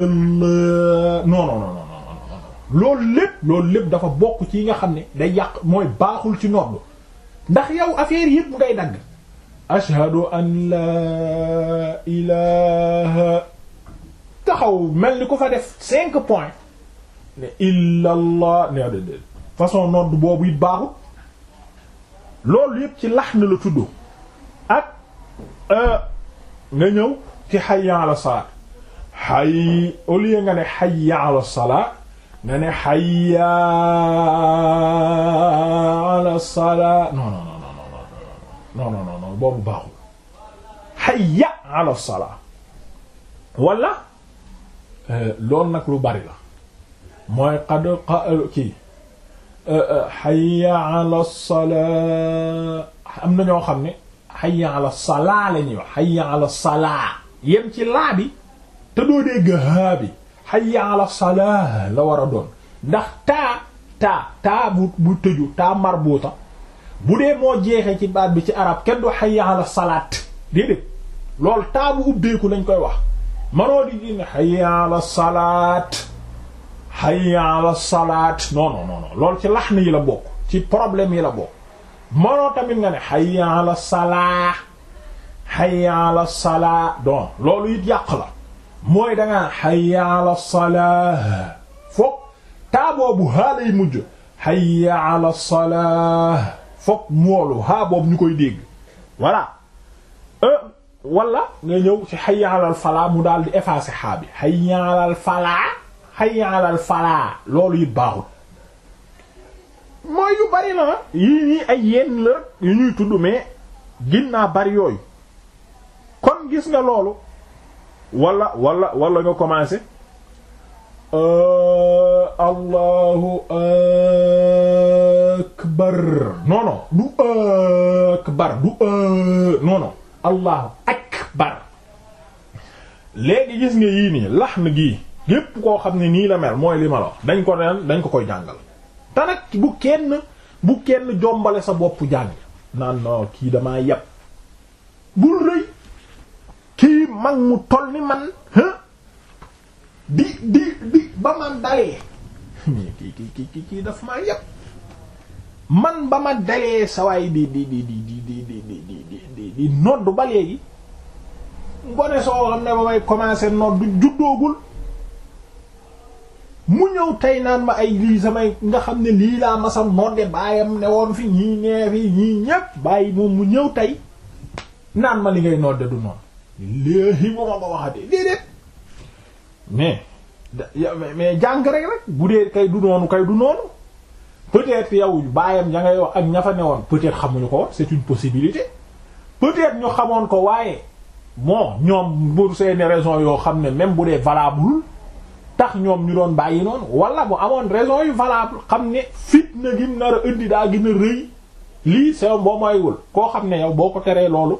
non lépp dafa bokk ci yi nga xam ne day yàq mooy baaxul ci nodd ndax yow affaire yëpp ngay dagg ashhadu an laa ilaha taxaw mel ni ku fa def cinq points ne illa allah ne déedéet façon nordu boobu it baaxul loolu yëpp ci lax na la tudd ak euh, nga ñëw ci hayya ala salat xay au lieu nga ne xayya ala salaa nga ne xayya ala salaa non non non non non non non non boobu baaxul xayya ala salaa wala euh, loolu nag lu bari la mooy qad euh, kii xayya euh, ala salaa am na ñoo xam ne xayya ala salaa la ñuy wax xayya ala salaa yem ci laa bi. te doo dégg haa bi hayya salaa la war a doon ndax taa taa taa bu bu tëju taa marbuuta bu dee moo jeexee ci baat bi ci arab kenn du hayya ala salaat déedéet loolu taa bu ubbeeku lañ koy wax manoo di gin hayya ala salaat hayya salaat non ci laxn yi la bokk ci problème yi la tamit nga ne hayya ala loolu it yàq la mooy dangaa hayya ala salaah foog taa boobu haa lay mujj hayya ala salaah foog moolu haa ñu koy dégg voilà euh, wala nga ñëw ci hayya ala falaa mu daal di effacer haa bi hayya ala falaa hayya ala falaa loolu yi baaxul mooy yu bari na yii nii ay yenn la yu ñuy tudd mais ginnaa bari yooyu kon gis nga loolu wala walla wala nga commencé euh, allahu akbar non non du akbar du euh, non non allahu akbar léegi gis nga yii nii laxn gii gépp koo xam ni nii la mel mooy li ma dañ ko ren dañ ko koy jàngal te bu kenn bu kenn jombale sa bopp jàng naan non kii damaa yàpp bul rëy kii mag mu toll ni man di di di ba man dalee kii kii kii kii maa yépp man ba ma dalee sawaay di di di di di di di di di di di nodd ba léegi ngone soo xam ne ba may commencer nodd juddoogul mu ñëw tey naan ma ay lii samay nga xam ne lii laa masa nodde baayam ne woon fi ñii nee fi ñii ñépp bàyyi moom mu ñëw tey naan ma li ngay nodde du noonu léegi mu ma ko waxatee déedéet mais mais jàng rek rek bu dee kay du noonu kay du noonu peut-être yow baayam ya ngay wax ak ña fa newoon peut-être xamuñu ko c'est une possibilité peut-être ñu xamoon ko waaye moo ñoom pour seeni raisons yoo xam ne même bu dee valable tax ñoom ñu doon bàyyi noonu wala mu amoon raison yu valable xam ne fitna na mu nar a indi daa gën a rëy lii sew boo mooywul koo xam ne yow boo ko teree loolu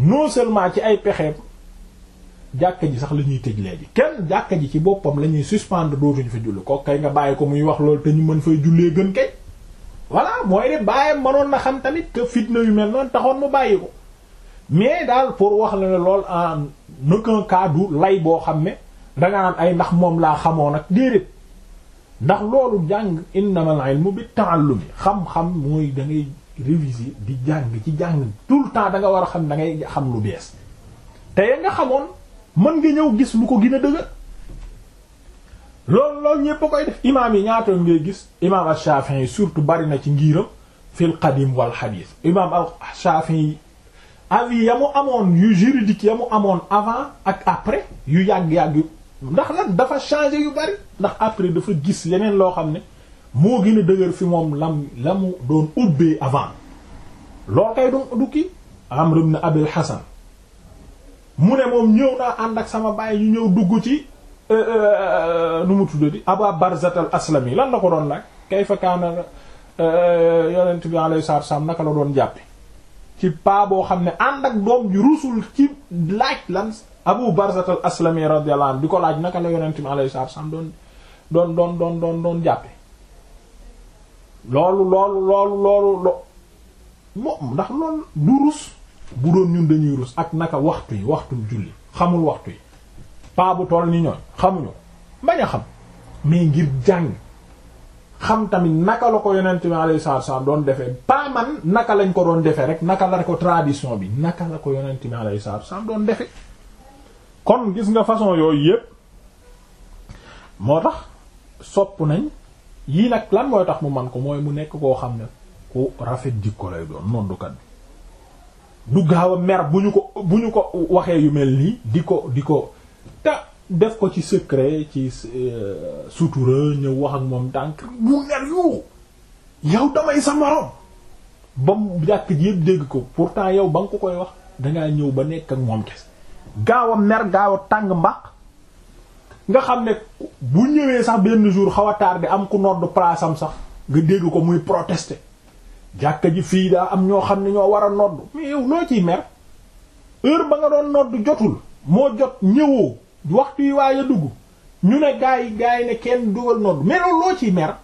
non seulement ci ay pexeem jàkka ji sax la ñuy tëj léegi kenn jàkka ji ci boppam lañuy ñuy suspendre dootuñu fa julli ko kay nga bàyyi ko muy wax loolu te ñu mën fay jullee gën kay voilà mooy de bàyyam mënoon na xam tanit que fitna yu mel noonu taxoon mu bàyyi ko mais daal pour wax la ne lool en aucun cas du lay boo xam ne danga naan ay ndax moom laa xamoon ak déedéet ndax loolu jàng innamal ilmu bi ta'allumi xam-xam mooy da réviser di jàng ci jàng tout le temps danga war a xam da ngay xam lu bees te ya nga xamoon mën nga ñëw gis lu ko gën a dëgër loolu loolu ñépp a koy def imaam yi ñaata ngay gis imaam al-Shafi'i surtout bari na ci ngiiram fil qadim wal hadith imaam al-Shafi'i avis ya mu amoon yu juridique ya mu amoon avant ak après yu yàgg-yàgg yu ndax lan dafa changer yu bari ndax après dafa gis yeneen loo xam ne moo gën a dëgër fi moom lam la mu doon ubbee avant loo kay doon dukki Amr ibn Abil Hasan mu ne moom ñëw naa ànd ak sama bàyyi ñu ñëw dugg ci euh, euh, nu mu di Aba Barzat al-Aslami lan la ko doon laaj kayfa kaana euh, yonent bi alayhi salaatu wassalaam naka la doon jàppe ci paa boo xam ne ànd ak doom ju rusul ci laaj lan Abu Barzat al-Aslami radiyallahu anhu di ko laaj naka la yonent bi alayhi salaatu wassalaam doon doon doon doon doon doon jàppe loolu loolu loolu loolu moom ndax loolu du rus bu doon ñun dañuy rus ak naka waxtu yi waxtu julli xamul waxtu yi paa bu toll ni ñooñ xamuñu bañ a xam mais ngir jàng xam tamit naka la ko yonent bi alayhi salaatu salaam doon defee paa man naka lañ ko doon defee rek naka la ko tradition bi naka la ko yonent bi alayhi salaatu salaam doon defee kon gis nga façon yooyu yépp moo tax sopp nañ yii nag lan mooy tax mu man ko mooy mu nekk koo xam ne ku rafet jikko lay doon noddukat bi du gaaw a mer bu ñu ko bu ñu ko waxee yu mel nii di ko di ko te def ko ci secret ci euh, sutura ñëw wax ak moom tànk mu mer yu yow damay sa morom ba mu jàkk ji yëpp dégg ko pourtant yow ba nga ko koy wax dangaa ñëw ba nekk ak moom kese gaaw mer gaaw tàng mbaq nga xam ne bu ñëwee sax benn jour xaw a tardé am ku nodd place sax nga dégg ko muy protester jàkka ji fii daa am ñoo xam ne ñoo war a nodd mais yow loo ciy mer heure ba nga doon nodd jotul moo jot ñëwoo waxtu yi waaye dugg ñu ne gaa yi gaa yi ne kenn dugal nodd mais loolu loo ciy mer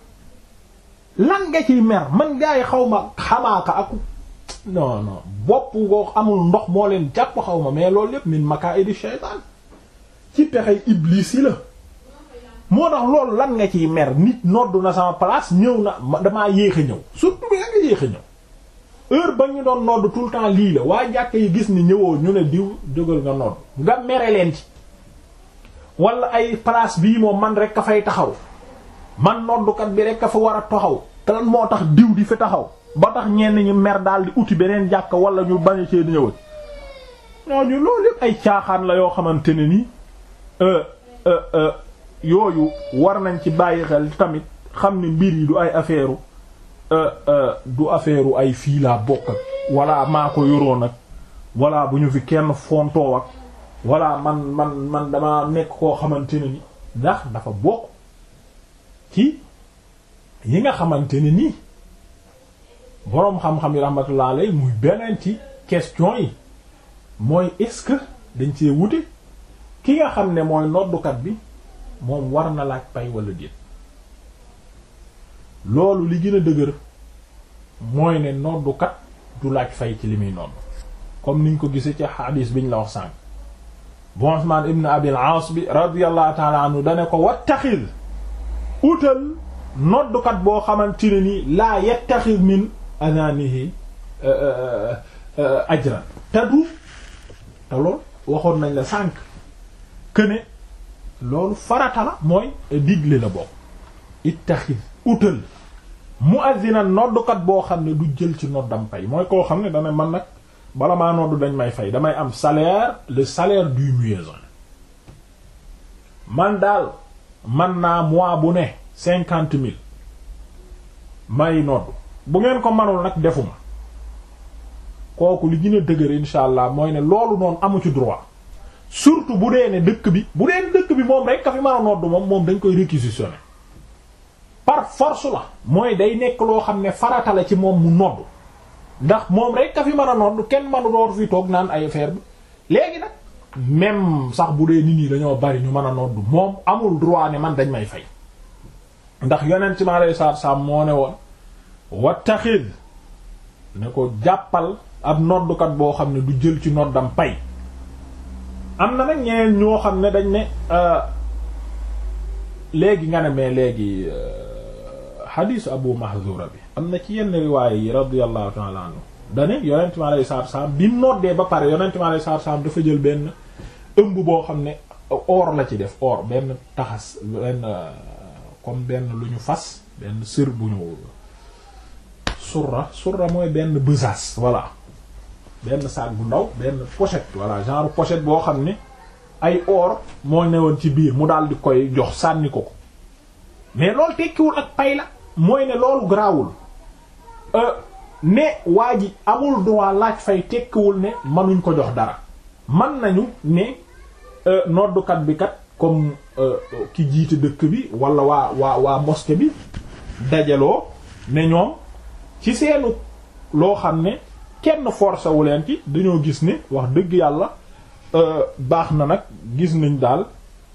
lan nga ciy mer man gaa yi xaw ma xamaaka ak non non bopp ngoo amul ndox moo leen jàpp xaw ma mais loolu yëpp min maka idi ci pexey iblis yi la moo tax loolu lan nga ciy mer nit noddu na sama place ñëw na damaa yéex a ñëw surtout yaa nga yéex a ñëw heure ba ñu doon nodd tout le temps lii la waa jàkk yi gis ni ñëwoo ñu ne diw jógal nga nodd nga mere leen ci wala ay place bii moom man rek ka fay taxaw man noddukat bi rek ka fa war a taxaw te lan moo tax diw di fi taxaw ba tax ñenn ñu mer daal di uti beneen jàkk wala ñu bañ ci cee ñëwal ñooñu loolu yëpp ay caaxaan la yoo xamante ne nii Euh, euh, euh, yooyu war nañ ci bàyyi xel tamit xam ne mbir yi du ay affaire du affaire ay fii laa bokk ak walla maa ko yoroon ak walla bu ñu fi kenn fontoo ak walla man man man dama nekk koo xamante ne ni ndax dafa bokk ci yi nga xamante ne nii boroom xam-xam yi rahmatullah muy beneen ci question yi mooy est-ce que dañ cee wute ki nga xam ne mooy noddukat bi moom war na laaj pay wala déet loolu li gën a dëgër mooy ne noddukat du laaj fay ci li muy nodd comme niñ ko gisee ci xadiis biñ la wax sànq bu Usmaan ibn Abil Aas bi radiyallahu ta'ala anhu dane ko wattaxid utal noddukat boo xamante ne ni laa yattaxid min anaanihi eh, eh, eh, ajran te du lool waxoon nañ la sànq këne loolu farata la mooy digle la bokk ittaxid utal muazzina noddukat boo xam ne du jël ci noddam pay mooy koo xam ne dana man nag bala maa noddu dañ may fay damay am salaire le salaire du muezzin man daal man naa mois bu ne cinquante mille may noddu bu ngeen ko manul nag defuma kooku li gën a dëgër insha allah mooy ne loolu noonu amu ci droit surtout bu dee ne dëkk bi bu dee ne dëkk bi moom rek ka fi mën a nodd moom moom dañ koy réquisitionner par force la mooy day nekk loo xam ne farata la ci moom mu nodd ndax moom rek ka fi mën a nodd kenn mënu door fi toog naan ay affaire bi léegi nag même sax bu dee nit ñi dañoo bari ñu mën a nodd moom amul droit ne man dañ may fay ndax yonent mi alayhi salaatu salaam moo ne woon wattaxid ne ko jàppal ab noddukat boo xam ne du jël ci noddam pay am na nag ñeneen ñoo xam ne dañ ne euh, léegi nga ne mais léegi xadiisu euh, abu mahzura bi am na ci yenn riwaay yi radiyallahu ta'ala anhu dane yonent mi alayhi salaatu salaam ba pare yonent mi alayhi salaatu salaam dafa jël benn ëmb boo xam ne or la ci def or benn taxas benn euh, comme benn lu ñu fas benn sër bu ñu surra surra mooy benn bësaas voilà benn sac bu ndaw benn pochet voilà genre pochette boo xam ne ay or moo newoon ci biir mu daal di koy jox sànni ko ko mais loolu tekkiwul ak pay la mooy ne loolu garaawul ne euh, waa ji amul droit laaj fay tekkiwul ne mënuñ ko jox dara man nañu ne euh, noddukat bi kat comme euh, ki jiite dëkk bi wala waa waa waa mosquée bi dajaloo ne ñoom ci seenu loo xam ne kenn forcé wu leen ci dañoo gis ni wax dëgg yàlla euh, baax na nag gis nañ daal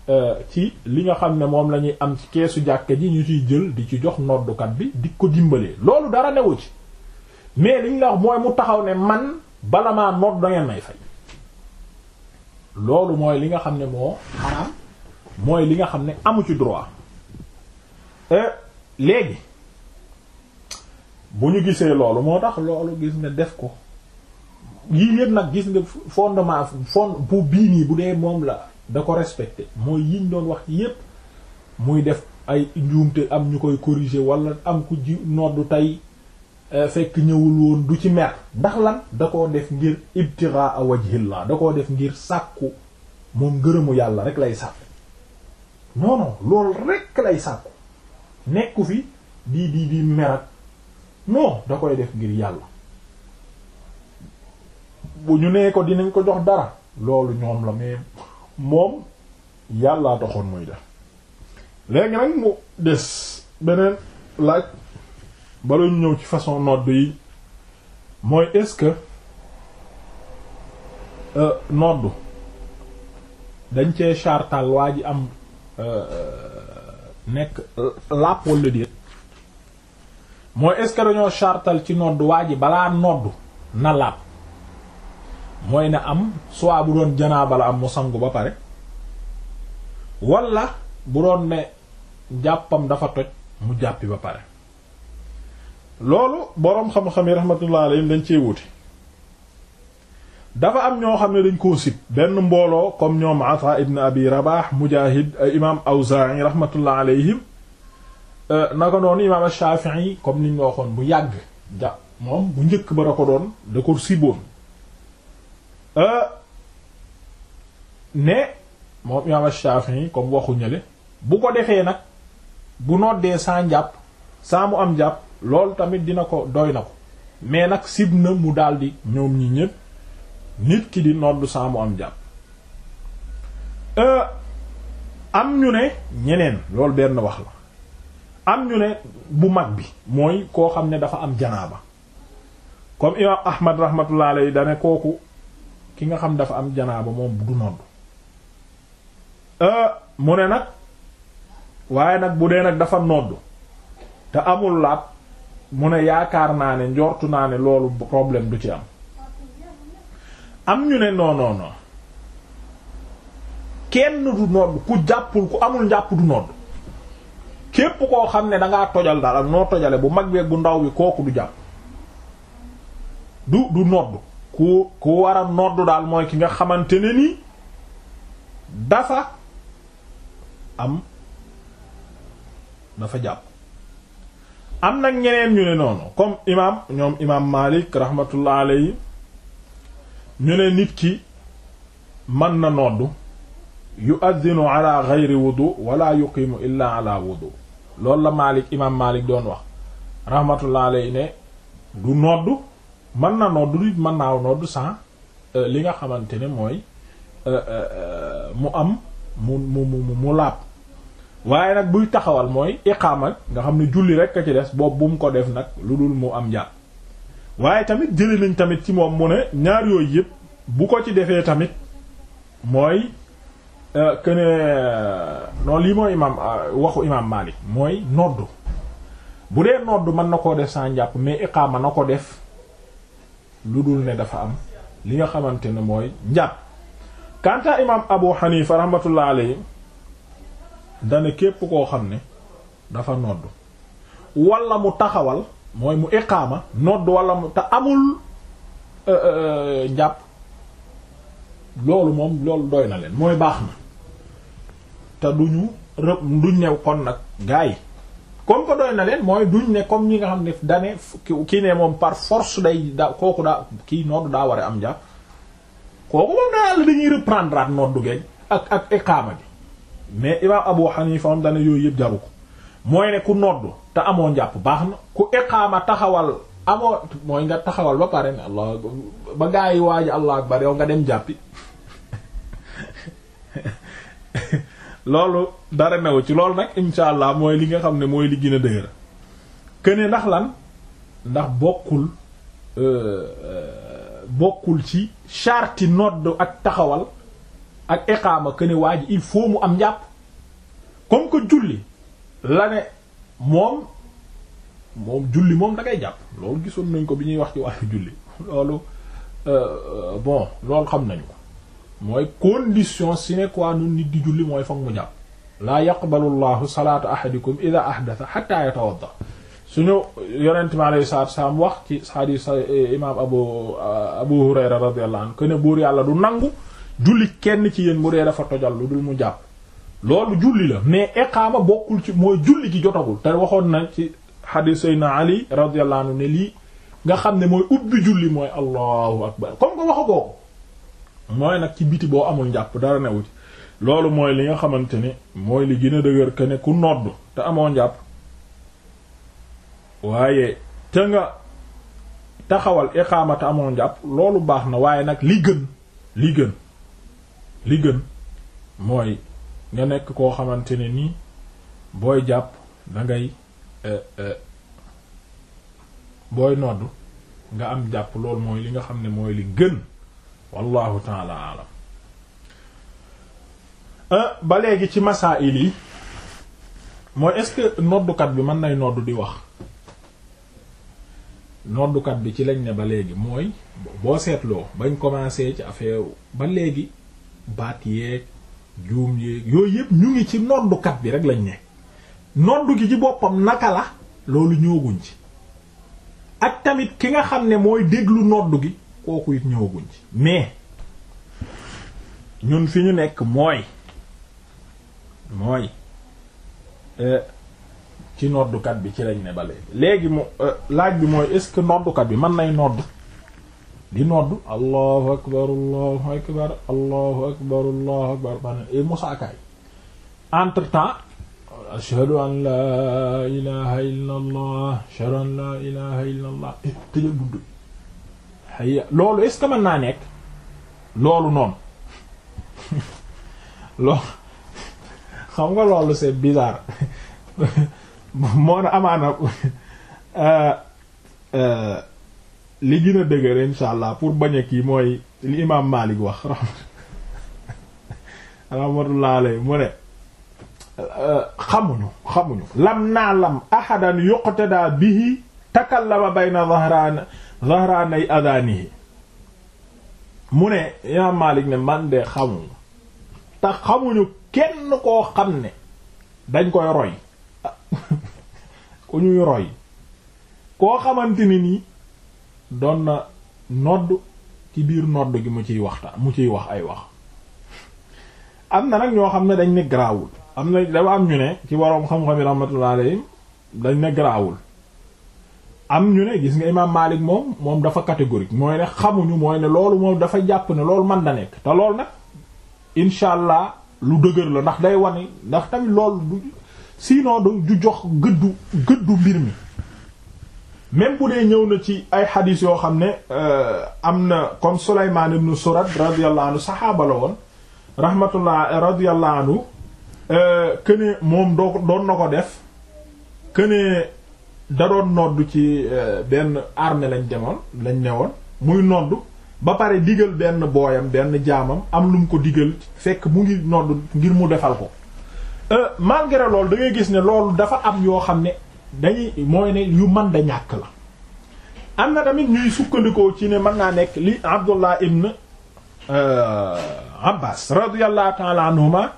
euh, ci li nga xam ne moom la ñuy am ci keesu jàkka ji ñu ciy jël di ci jox noddukat bi di ko dimbalee loolu dara newu ci mais liñ la wax mooy mu taxaw ne man bala maa nodd da may fay loolu mooy li nga xam ne moo xaraam mooy li nga xam ne amu ci droit euh, léegi bu ñu gisee loolu moo tax loolu gis ne def ko yii yépp nag gis nga fondement fond bu bii nii bu dee moom la da ko respecté mooy yiñ doon wax yépp muy def ay njuumte am ñu koy corriger walla am ku ji noddu tey euh, fekk ñëwul woon du ci mer ndax lan da ko def ngir ibtira a wajhillah da koo def ngir sàkku moom gërëmu yàlla rek lay sàkku non loolu rek lay sàkku nekku fi di di mer ak non da koy def ngir yàlla bu ñu nee ko dinañ ko jox dara loolu ñoom la mais moom yàlla doxoon muy def léegi nag mu des beneen laaj bala ñu ñëw ci façon nodd yi mooy est-ce que euh, nodd dañ cee chartal waa ji am euh, nekk euh, làpp walla mooy est-ce dañoo chartal ci nodd waa ji balaa nodd na laab mooy na am soit bu doon janaaba la am mu sangu ba pare wala bu doon ne jàppam dafa toj mu jàppi ba pare loolu boroom xam-xam yi rahmatullah alayhim dañ cee wuute dafa am ñoo xam ne dañ koo sib benn mbooloo comme ñoom Ata ibn Abi Rabah Mujahid imam Awza'i rahmatullah alayhim Euh, naka noonu imaam Shaafi'i comme niñ nga waxoon bu yàgg ja moom bu njëkk ba da ko doon da ko siboon euh, ne moom imaam Shaafi'i comme waxu ñële bu ko defee nag bu noddee saa njàpp saa mu am njàpp loolu tamit dina ko doy na ko mais nag sib na mu daldi ñoom ñi ñépp nit ki di noddu saa mu am jàpp euh, am ñu ne ñeneen loolu benn wax la am ñu ne bu mag bi mooy koo xam ne dafa am janaaba comme imaam ahmad rahmatullah yi dane kooku ki nga xam dafa am janaaba moom du nodd euh, mu ne nag waaye nag bu dee nag dafa nodd te amul laab mu ne yaakaar naa ne njortu naa ne loolu problème du ci am am ñu ne non non non kenn du nodd ku jàppul ku amul njàpp du nodd képp koo xam ne danga tojal dara noo tojale bu mag beeg gu ndaw bi kooku du jàpp du du nodd ku ku war a nodd daal mooy ki nga xamante ne ni dafa am dafa jàpp am nag ñeneen ñu ne noonu comme imaam Maalik rahmatullah alayhi ñu ne nit ki mën na nodd yu'adhinu ala ghayri wudu wala yuqimu illa ala wudu loolu la Malik imam Malik doon wax rahmatullah alayhi ne du nodd mën na nodd du mën naaw nodd sans euh, li nga xamante ne mooy euh, euh, mu am mu mu mu mu laab waaye nag buy taxawal mooy iqaama nga xam ne julli rek a ci des boobu bu mu ko def nag lu dul mu am jàpp waaye tamit jëli nañ tamit ci moom mu ne ñaar yooyu yëpp bu ko ci defee tamit mooy Euh, que ne non lii mooy imaam euh, waxu imaam Maalik mooy noddu bu dee noddu mën na koo def sans njàpp mais iqaama na ko def lu dul ne dafa am li nga xamante ne mooy njàpp kanta imaam Abu Hanifa rahmatullah alayhi dana képp koo xam ne dafa noddu wala mu taxawal mooy mu iqaama noddu wala mu te amul euh, njàpp loolu moom loolu doy na leen mooy baax na te duñu rëb duñ new kon nag gars yi comme que doy na leen mooy duñ ne comme ñi nga xam ne dane kii ne moom par force day da kooku daa kii nodd daa war a am jàpp kooku moom daa la dañuy reprendre at noddu geeg ak ak iqaama bi mais imam Abu Hanifa dane yooyu yëpp jaru ko mooy ne ku nodd te amoo njàpp baax na ku iqaama taxawal amoo mooy nga taxawal ba pare ne allah ba gars yi waaji allah akbar yow nga dem jàppi loolu dara new ci loolu nag insha allah mooy li nga xam ne mooy li gën a dëgër këne ndax lan ndax bokkul euh, euh, bokkul ci charti nodd ak taxawal ak iqaama këne waa ji il faut mu am njàpp comme que julli la ne moom moom julli moom da jàpp loolu gisoon nañ ko bi ñuy wax ci wàllu julli loolu euh, bon loolu xam nañu ko mooy condition sine qua non nit di julli mooy foog mu jàpp laa yaqbalu llahu salaata ahadikum ida ahdatha hatta yatawadda suñu yonent mi alayhi salaatu salaam wax ci hadiis eh, imaam abu eh, abu hurayra radiyallahu anhu ne buur yàlla du nangu julli kenn ci yéen bu dee dafa tojal lu dul mu jàpp loolu julli la mais iqaama bokkul ci mooy julli gi jotagul te waxoon na ci hadiis sayna ali radiyallahu anhu ne lii nga xam ne mooy ubbi julli mooy allahu akbar comme ko waxagoo mooy nag ci biti boo amul njàpp dara newu ci loolu mooy li nga xamante ni mooy li gën a dëgër que ne ku nodd te amoo njàpp waaye te nga taxawal iqaama te amoo njàpp loolu baax na waaye nag li gën li gën li gën mooy nga nekk koo xamante ne nii booy jàpp dangay eh, eh, booy nodd nga am jàpp loolu mooy li nga xam ne mooy li gën wallahu taala alam euh, ba léegi ci masaa'il yi mooy est-ce que noddukat bi mën nay noddu di wax noddukat bi ci lañ ne ba léegi mooy boo seetloo bañ commencé ci affaire ba léegi baat yeeg juum yeeg yooyu yëpp ñu ngi ci noddukat bi rek lañ ne noddu gi ci boppam naka la loolu ñooguñ ci ak tamit ki nga xam ne mooy déglu noddu gi kooku it ñëwaguñ ci mais ñun fi ñu nekk mooy mooy euh, ci noddukat bi ci lañ ne ba léegi léegi euh, laaj bi mooy est-ce que noddukat bi mën nay nodd di nodd allahu akbar allahu akbar allahu akbar allahu akbar man eh, musaakaay entre temps ashhadu an la ilaha illa allah ashhadu an la ilaha illa allah eh, xëy loolu est-ce que naa nekk loolu noonu loolu xam nga loolu c'est bizarre moo na amaana euh, euh, li gën a dëgër insha allah pour bañ a kii mooy li imaam Maalik wax rahmatullah alayhi mu ne euh, xamuñu xamuñu lam naa lam ahadan bihi takallama bayna dhahrana zahraanay adhaanihi mu ne imaam Maalik ne man de xamuñu te xamuñu kenn koo xam ne dañ koy roy ku ñuy roy koo xamante ne nii doon na nodd ci biir nodd gi mu ciy waxtaan mu ciy wax ay wax am na nag ñoo xam ne dañ ne garaawul am na dafa am ñu ne ci waroom xam-xam yi rahmatullah alayhim dañ ne garaawul am ñu ne gis nga imaam Malik moom moom dafa catégorique mooy ne xamuñu mooy ne loolu moom dafa jàpp ne loolu man da nekk te loolu nag incha allah lu dëgër la ndax day wane ndax tamit loolu du sinon du jox gëddu gëddu mbir mi même bu dee ñëw na ci ay xadiis yoo xam ne euh, am na comme Sulaymaan ibn Surad radiyallahu anhu saxaaba la woon rahmatullah radiyallahu anhu euh, que moom doo doon na ko def que da doon nodd ci eh, benn armée lañ demoon lañ newoon muy nodd ba pare digal benn booyam benn jaamam am lu ko digal fekk mu ngi nodd ngir mu defal ko eh, malgré loolu da gis ne loolu dafa am yoo xam ne dañuy mooy ne yu man da ñàkk la am na tamit ñuy sukkandikoo ci ne man naa nekk li Abdullah ibn eh, Abbas radiyallahu ta'ala anhuma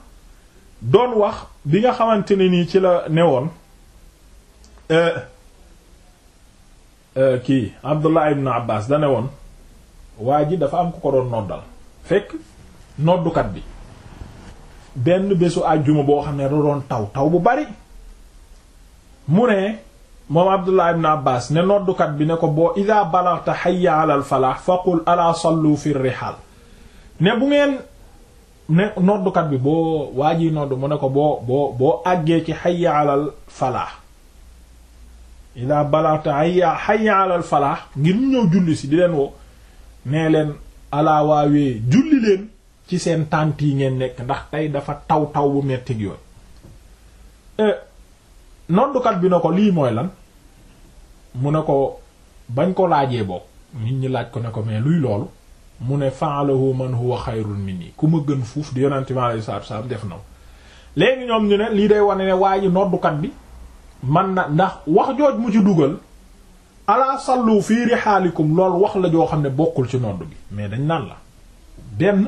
doon wax bi nga xamante ne nii ci la newoon Euh, kii Abdullah ibn Abbas dane woon waa ji dafa am ku ko doon noddal fekk noddukat bi benn bésu àjjuma boo xam ne da doon taw taw bu bari mu ne moom Abdullah ibn Abbas ne noddukat bi ne ko boo ida balaghta hayya ala al falah faqul ala sallu fi rihal ne bu ngeen ne noddukat bi boo waaji ji mu ne ko boo boo boo àggee ci hayya ala al ida balata hayya hayya alal falaax ngir ñu ñëw julli si di leen woo nee leen alaa waawee julli leen ci seen tànt yi ngeen nekk ndax tey dafa taw taw bu metti gi yooyu e, noddukat bi na ko lii mooy lan mu ne ko bañ ko laajee bokk nit ñi laaj ko ne ko mais luy loolu mu ne fa'alahu man huwa xayrun minni ku ma gën fuuf di yonente bi alayhi salaatu def na léegi ñoom ñu ne lii day wane ne waa ji noddukat bi man na ndax wax jooj mu ci dugal ala sallu fii rihaalikum lool wax la joo xam ne bokkul ci nodd bi mais dañ naan la benn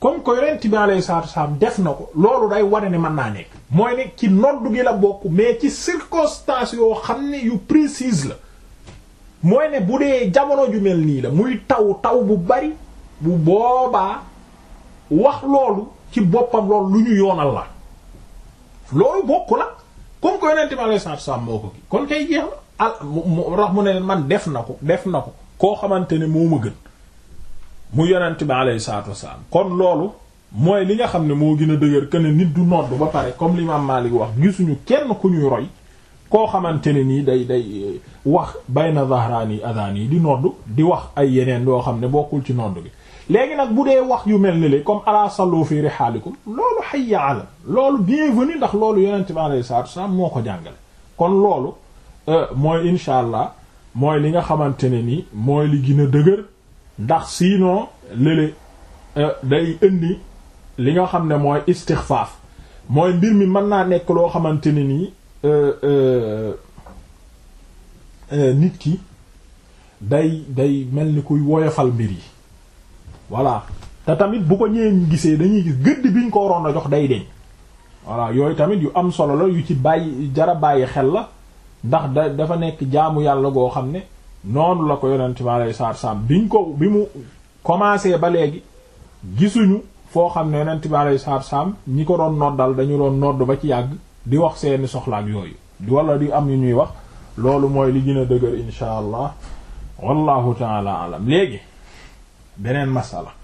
comme que yonent bi alayhi salaatu def na ko loolu day wane ne mën naa nekk mooy ne ci nodd gi la bokk mais ci circonstance yoo xam ne yu précise la mooy ne bu dee jamono ju mel nii la muy taw taw bu bari bu boobaa wax loolu ci boppam loolu lu ñu yoonal la loolu bokk la comme que yonent bi alayhi salaatu salaam moo ko kii kon kay jeex al mu rax mu ne man def na ko def na ko koo xamante ne moo ma gën mu yonent bi alayhi salaatu salaam kon loolu mooy li nga xam ne moo gën a dëgër que ne nit du nodd ba pare comme li Imaam Maalik wax gisuñu kenn ku ñuy roy koo xamante ne nii day day wax bayna zahraani adaan yi di nodd di wax ay yeneen yoo xam ne bokkul ci nodd gi léegi nag bu dee wax yu mel ni comme ala sallu fi rihaalikum loolu hayya ala loolu bienvenue ndax loolu yonent bi alayhi salaatu wasallam moo ko jàngale kon loolu euh, mooy incha allah mooy li nga xamante ne ni mooy li gën dëgër ndax sinon euh, day indi li nga xam ne mooy istixfaaf mooy mbir mi mën naa nekk loo xamante ne nii euh, nit ki day day mel ni kuy woyofal mbir yi voilà te tamit bu ko ñeen gisee dañuy gis gëdd biñ ko waroon a jox day deñ voilà yooyu tamit yu am solo la yu ci bàyyi jara bàyyi xel la ndax da dafa nekk jaamu yàlla goo xam ne noonu la ko yonent mi alayhi salaatu salaam biñ ko bi mu commencé ba léegi gisuñu foo xam ne yonent mi alayhi salaatu ñi ko doon noddal dañu doon nodd ba ci yàgg di wax seeni soxlaak yooyu di wala di am yu ñuy wax loolu mooy li gën a dëgër insha allah wallahu taala alam léegi beneen masala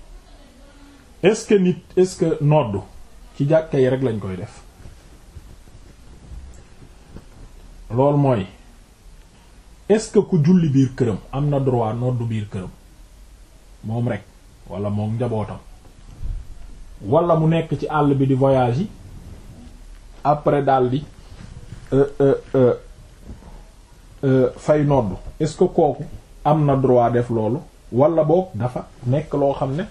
est que nit est-ce que noddu ci jàkka yi rek lañ koy def loolu mooy est-ce que ku julli biir këram am na droit noddu biir këram moom rek wala moom njabootam wala mu nekk ci àll bi di voyage yi après daldi euh, euh euh euh fay noddu est-ce que kooku am na droit def loolu wala boog dafa nekk loo xam ne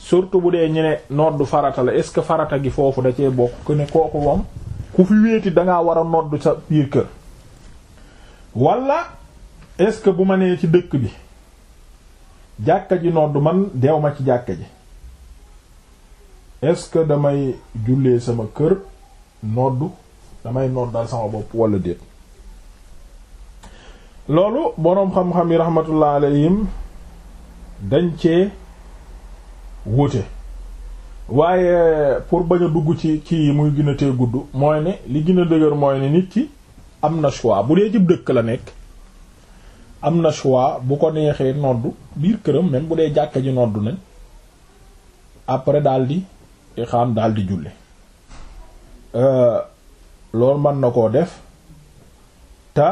surtout bu dee ñu ne noddu farata la est-ce que farata gi foofu da cee bokk que ne kooku moom ku fi wéeti dangaa war a noddu sa biir kër wala est-ce que bu ma nee ci dëkk bi jàkka ji noddu man deew ma ci jàkka ji est-ce que damay jullee sama kër noddu damay noddal sama bopp wala déet loolu boroom xam-xam yi rahmatullah alayhim dañ cee wute waaye pour bañ a dugg ci kii yi muy gën a gudd mooy ne li gën a dëgër mooy ne nit ki am na choix bu dee ci dëkk la nekk am na choix bu ko neexee noddu biir këram même bu dee jàkka ji noddu nañ après daldi xam di julli euh, loolu mën na koo def te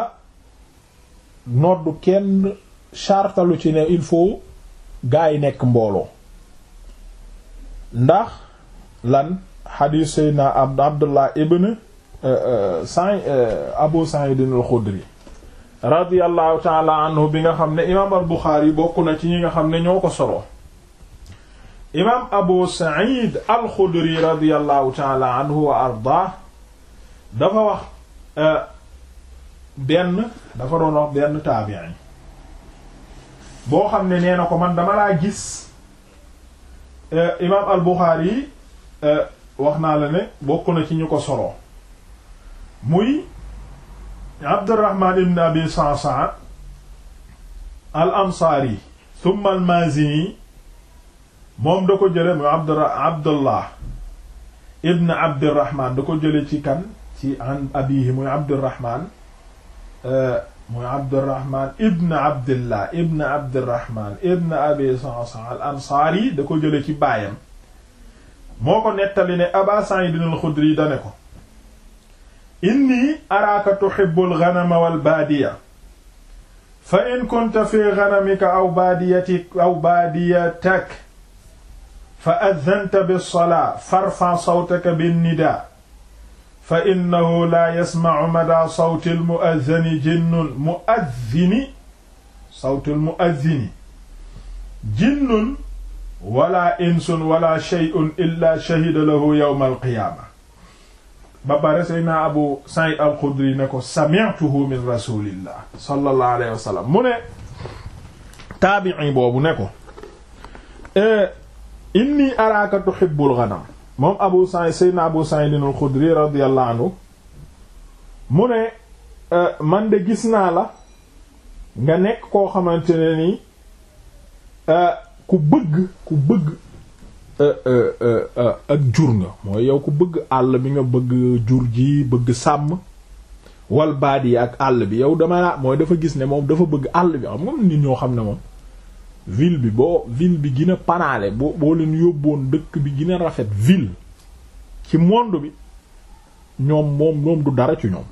noddu kenn chartalu ci ne il faut gaa yi nekk mbooloo ndax lan xadiis seydna abd abdullah ibn eh, eh, san eh, abu sa'idin al radiallahu taala anhu bi nga xam ne imaam al buxaari bokk na ci ñi nga xam ne ñoo ko solo imaam abu sa'id al-xudri radiallahu taala anhu wa arda dafa wax benn dafa doon wax benn taabi'i boo xam ne nee na ko man dama laa gis euh, imaam al-Bukhari yi euh, wax naa la ne bokk na ci ñu ko solo muy Abdurrahman ibn Abi Sa'sa al-Ansari thumma al-Mazini moom da ko jële mu abd Abdullah ibn Abdurrahman da ko jële ci kan ci an abihi muy Abdurrahman euh, mooy abdirahman ibn abdillah ibn abdirahman ibn abi sansan al ansaari da ko jële ci baayam moo ko nettali ne aba sa'id al xudri dane ko inni araaka tuhibbu al ganama wal baadiya fa in kunta fi ganamika aw baadiyatik aw baadiyatak fa adhanta bis salaa farfa sawtaka bin nidaa fa innahu laa yasmacu mada sawti almuazzini jinnun muazzini sawti almuazzini jinnun wala insun wala sheyun illa shahida lahu yowma alqiyaama ba pare Seydina Abu Saïd al-Khudri ne ko sami'tuhu min rasulillah sallallahu alayhi wa sallam mu ne taabi'i boobu ne ko eh, inni araaka tuhibbul ghanam moom abu sa'id saydna abu sa'idin al-xudri radiyallahu anhu mu ne euh, man de gis naa la nga nekk koo xamante ne ni euh, ku bëgg ku bëgg euh, ak jur nga mooy yow ku bëgg àll bi nga bëgg jur ji bëgg sàmm wal baadi yi ak àll bi yow dama mooy dafa gis ne moom dafa bëgg àll bi am moom nit ñoo xam ne moom ville bi boo ville bi gina a panaale boo boo leen yóbboon dëkk bi gën rafet ville ci monde bi ñoom moom moom du dara ci ñoom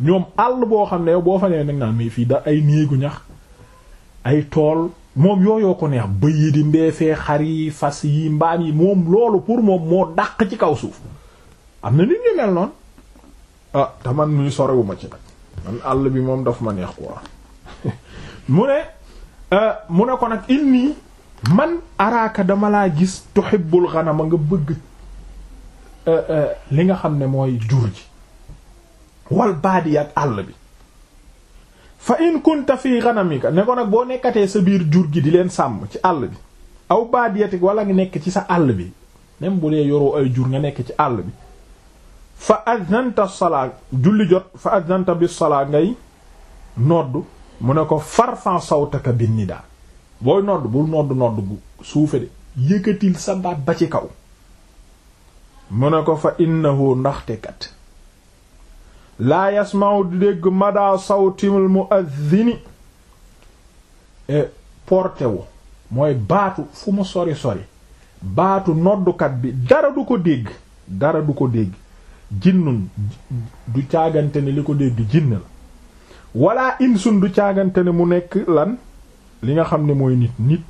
ñoom àll boo xam ne yow boo fa nee nag naan fii da ay néegu ñax ay tool moom yooyoo ko neex bëy yi di mbeefee xar yi fas yi mbaam yi moom loolu pour moom moo dàq ci kaw suuf am na nit ñu mel noonu ah te man muy sorewuma ci nag man àll bi moom daf ma neex quoi mu ne Euh, mu ne ko nag inni man araaka dama laa gis xanam a nga bëgg euh, euh, li nga xam ne mooy jur ji wal baadi àll bi fa in kunta fii ghanamika ne ko nag boo nekkatee sa biir jur gi di leen sàmm ci àll bi aw baadiyatik wala nga nekk ci sa àll bi même bu dee yoroo ay jur nga nekk ci àll bi fa adnanta salaa julli jot fa adnanta bis salaa ngay nodd mu ne ko farfan sawtaka bin nidaa booy nodd bul nodd nodd bu suufe de yëkkatil sa ba ci kaw mu ne ko fa innahu ndaxte kat laa yasmau di dégg madaa sawtimul muazzini e, porte wu mooy baatu fu mu sori sori baatu noddukat bi dara du ko dégg ko dégg jinnun du caagante ne li ko dégg jinn la wala insun du càngante ne mu nekk lan li nga xam ne mooy nit nit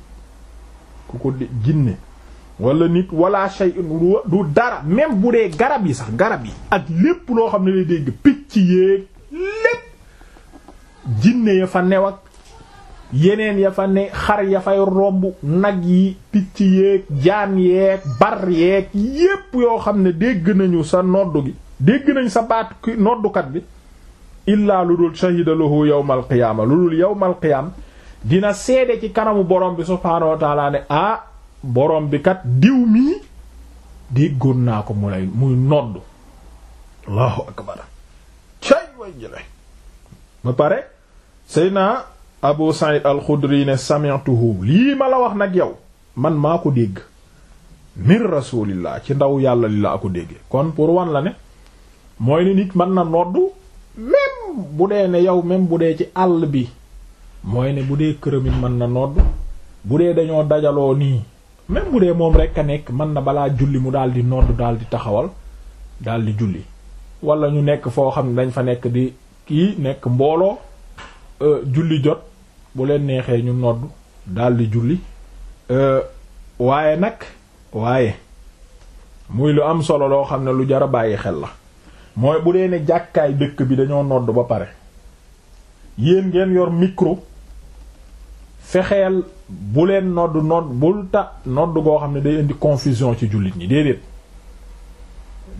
ku ko jinne wala nit wala shay'un du dara même bu dee garab yi sax garab yi ak lépp loo xam ne lay dégg picc yéeg lépp jinne ya fa new yeneen ya fa ne xar ya fay romb nag yi picc yéeg jaan yeeg bar yeeg yépp yoo xam ne dégg nañu sa noddu gi dégg nañ sa baat noddukat bi illaa lu dul shahida lahu yawmal qiyaama lu dul yawmal dina seede ci kanamu borom bi subhaanahu wa taala ne ah borom bi kat diw mii déggoon naa ko mu lay muy nodd allahu akbar cay way jële ba pare Seydina Abu Saïd al-Khudri ne sami'tuhu lii ma la wax nag yow man maa ko dégg min rasulillah ci ndaw yàlla li laa ko dégge kon pour wan la ne mooy ni nit mën na nodd mais bu dee ne yow même bu dee ci àll bi mooy ne bu dee këram mën na nodd bu dee dañoo dajaloo nii même bu dee moom rek a nekk mën na balaa julli mu daal di nodd daal di taxawal daal di julli walla ñu nekk foo xam ne dañ fa nekk di kii nekk mbooloo euh, julli jot bu leen neexee ñu nodd daldi di julli euh, waaye nag waaye muy lu am solo loo xam ne lu jar a bàyyi xel la mooy bu dee ne jàkkaay dëkk bi dañoo nodd ba pare yéen ngeen yor micro fexeel bu leen nodd nodd bul ta nodd goo xam ne day indi confusion ci jullit ñi déedéet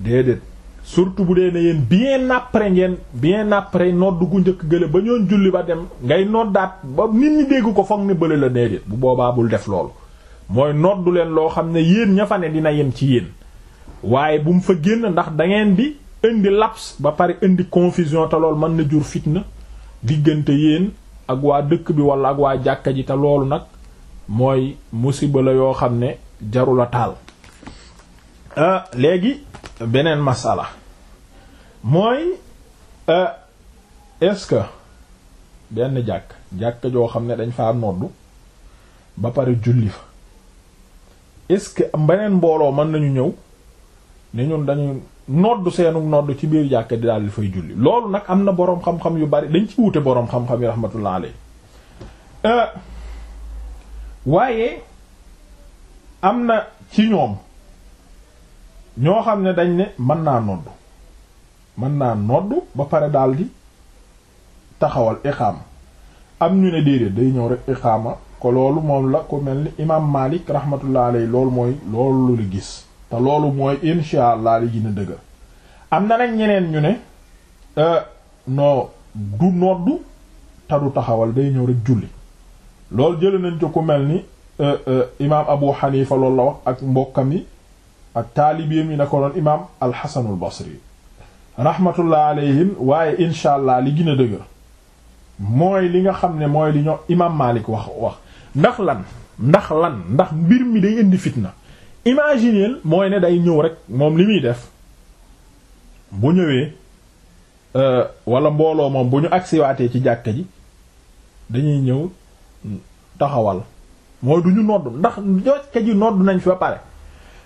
déedéet surtout bu dee ne yéen ngeen après ngeen bien après nodd gu njëkk gële ba ñoon julli ba dem ngay noddaat ba nit ñi dégg ko foog ne bële la déedéet bu boobaa bul def loolu mooy noddu loo xam ne yéen ña fa ne dina yem ci yéen waaye bu mu fa génn ndax da ngeen indi laps ba pare indi confusion te lool mën na jur fitna diggante yéen ak waa dëkk bi walla ak waa jàkka ji te loolu nag mooy musiba la yoo xam ne jarul a taal euh, léegi beneen masala mooy euh, est-ce que benn jàkk jàkk joo xam ne dañ faa noddu ba pare julli fa est-ce que beneen mbooloo mën nañu ñëw ne ñun dañu nodd seenu nodd ci biir jàkka di daal di fay julli loolu nag am na boroom xam-xam yu bari dañ ci wute boroom xam-xam yi rahmatullah alay euh, waaye am na ci ñoom ñoo xam ne dañ ne mën naa nodd mën naa nodd ba pare daal di taxawal iqaama am ñu ne déedéet day ñëw rek iqaama ko loolu moom la ku mel ni imaam Maalik rahmatullah loolu mooy loolu la gis te loolu mooy insha allah li gën dëgër am na nag ñeneen ñu ne euh, non du noddu te taxawal day ñëw rek julli loolu jële nañ ci ku mel ni euh, euh, imaam Abu Hanifa loolu la wax ak mbokkam yi ak taalibeem yi na ko noon imaam alxasanul basri rahmatullah alayhim waaye insha allah li gën a dëgër mooy li nga xam ne mooy li ñoo imaam Maalik wax wax ndax lan ndax lan ndax mbir mi day indi fitna imagineel mooy ne day ñëw rek moom li muy def bu ñëwee euh, wala mbooloo moom bu ñu agsiwaatee ci jàkka ji dañuy ñëw taxawal mooy du ñu nodd ndax jàkka ji nodd nañ fi ba pare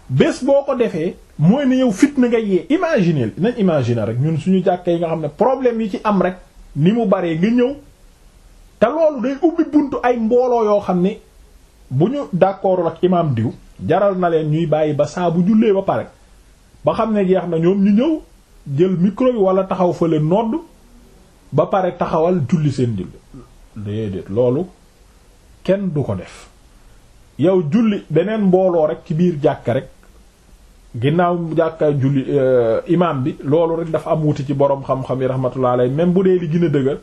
bés boo ko defee mooy ne yow fitna nga yee imagineel nañ imaginer rek ñun suñu jàkka yi nga xam ne problème yi ci am rek ni mu baree nga ñëw te loolu day ubbi buntu ay mbooloo yoo xam ne bu ñu d'accord ak imaam diw jaral na leen ñuy bàyyi ba saabu bu jullee ba pare ba xam ne jeex na ñoom ñu ñëw jël micro bi wala taxaw leen nodd ba pare taxawal julli seen julli loolu kenn du ko def yow julli beneen mbooloo rek ci biir jàkka rek ginnaaw jàkka julli euh, imaam bi loolu rek dafa am wuti ci boroom xam-xam yi rahmatullah alayhi même bu dee li gën a dëgër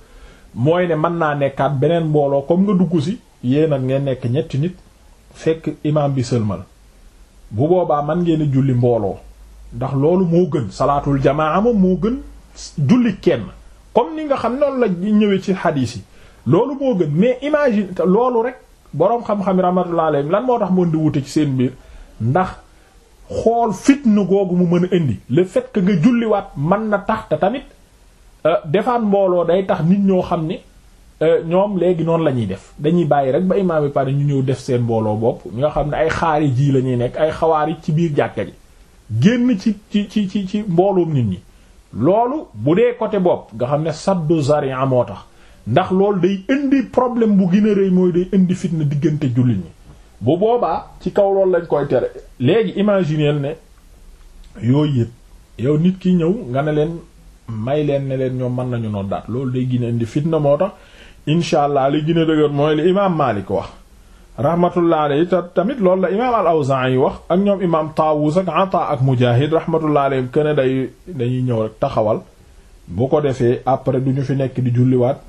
mooy ne mën naa nekkaat beneen mbooloo comme nga dugg si yéen ak ngeen nekk ñetti nit fekk imaam bi sëlmal bu boobaa man ngeen julli mbooloo ndax loolu moo gën salaatul jamaa moom moo gën julli kenn kon ni nga xam noonu la ñëwee ci xadiis yi loolu moo gën mais imagine loolu rek boroom xam-xam yi rahmatullah alayhim lan moo tax mën di wute ci seen biir ndax xool fitna googu mu mën a indi le fait que nga julliwaat mën na tax te tamit euh, defaat mbooloo day tax nit ñoo xam ni Euh, ñoom léegi noonu la ñuy def dañuy bàyyi rek ba imaam yi pare ñu ñëw def seen mbooloo bopp ñi nga xam ne ay xaari ji la ñuy nekk ay xawaari ci biir jàkka ji génn ci ci ci ci ci mbooloom nit ñi loolu bu dee côté bopp nga xam ne sat saddu zaria moo tax ndax loolu day indi problème bu gën a rëy mooy day indi fitna diggante jullit ñi bu boobaa ci kaw loolu lañ koy tere léegi imagineel ne yooyu yëpp yow nit ki ñëw nga ne leen may leen ne leen ñoom mën nañu noddaat loolu day gën fitna moo incha allah li gën dëgër mooy li imaam Maalik wax rahmatullah alayhi te tamit lool la imaam al-Awzaa'i wax ak ñoom imaam Taawus ak Ataa ak Mujaahid rahmatullah alayhi kenn day dañuy ñëw rek taxawal boo ko defee après du ñu fi nekk di julliwaat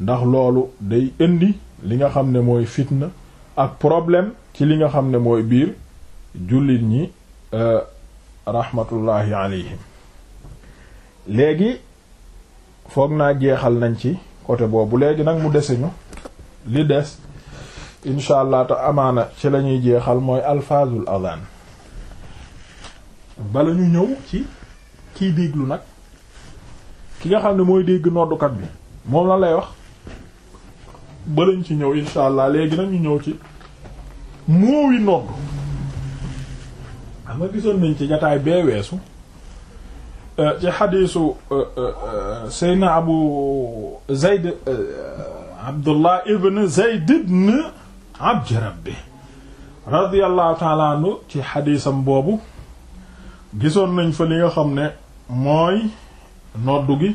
ndax loolu day indi li nga xam ne mooy fitna ak problème ci li nga xam ne mooy biir jullit ñi euh, rahmatullahi alayhim léegi foog naa jeexal nañ ci côté boobu léegi nag mu dese ñu li des incha allah te amaana ci la ñuy jeexal mooy alfazul adhan bala ñu ñëw ci kiy déglu nag ki nga xam ne mooy dégg noddukat bi moom lan lay wax balañ ci ñëw incha allah léegi nag ñu ñëw ci moowi noddu ama gisoon nañ ci jataay bee weesu Euh, ci xadiisu euh, euh, Seydina Abu Zayd Abdullah ibn Zayd ibn Abdi Rabbi radiyallahu taala anhu ci xadiisam boobu gisoon nañ fa li nga xam ne mooy noddu gi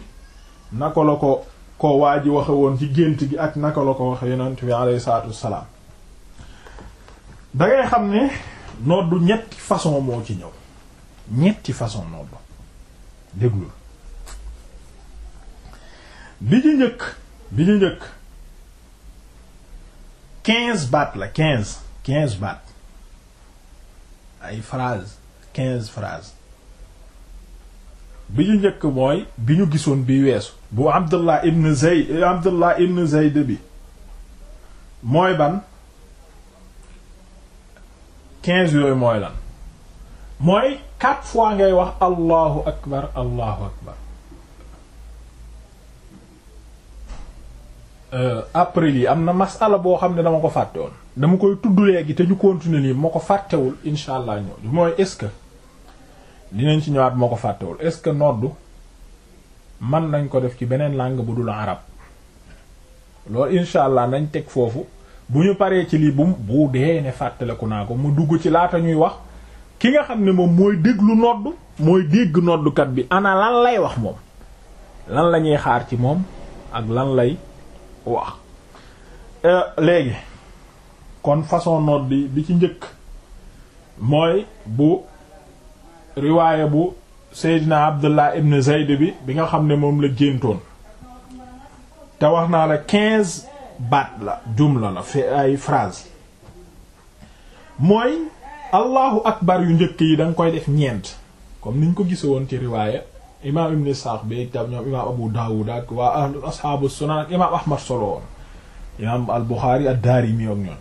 naka la ko ko waa ji waxe woon ci gént gi ak naka la ko waxe yonent bi alayhi salaatu wassalaam da xam ne noddu ñetti façon moo ci ñëw ñetti façon noddu déglu bi ñu njëkk bi ñu njëkk quinze baat la quinze quinze baat ay phrase quinze phrase bi ñu njëkk mooy bi ñu gisoon bi weesu bu Abdullah ibn Zayd Abdullah ibn Zayd bi mooy ban quinze yooyu mooy lan mooy quatre fois ngay wax allahu akbar allahu akbar euh, après lii am na masala boo xam ne dama ko fàtte woon dama koy tudd léegi te ñu continuer lii moo ko fàttewul insha allah ñoo mooy est-ce que dinañ ci ñëwaat moo ko fàttewul est-ce que noddu mën nañ ko def ci beneen langue bu dul arab loolu insha allah nañ teg foofu bu ñu paree ci lii bu bu dee ne fàttaleku naa ko mu dugg ci laata ñuy wax ki nga xam ne moom mooy déglu nodd mooy dégg noddukat bi ana lan lay wax moom lan lañuy xaar ci moom ak lan lay wax euh, léegi kon façon nodd bi bi ci njëkk mooy bu riwaaye bu Seydina Abdullah ibn Zayd bi bi nga xam ne moom la jéntoon te wax naa la quinze baat la jumla la fi ay phrase mooy allahu akbar yu njëkk yi dañ koy def ñeent comme niñ ko gise woon ci riwaaya imaam ibn Isaaq bi itam imaam Abu Daawud ak waa ashaabu sunan ak imaam Ahmad solo woon imaam al Buxaari ad-Daarimi ak ñoom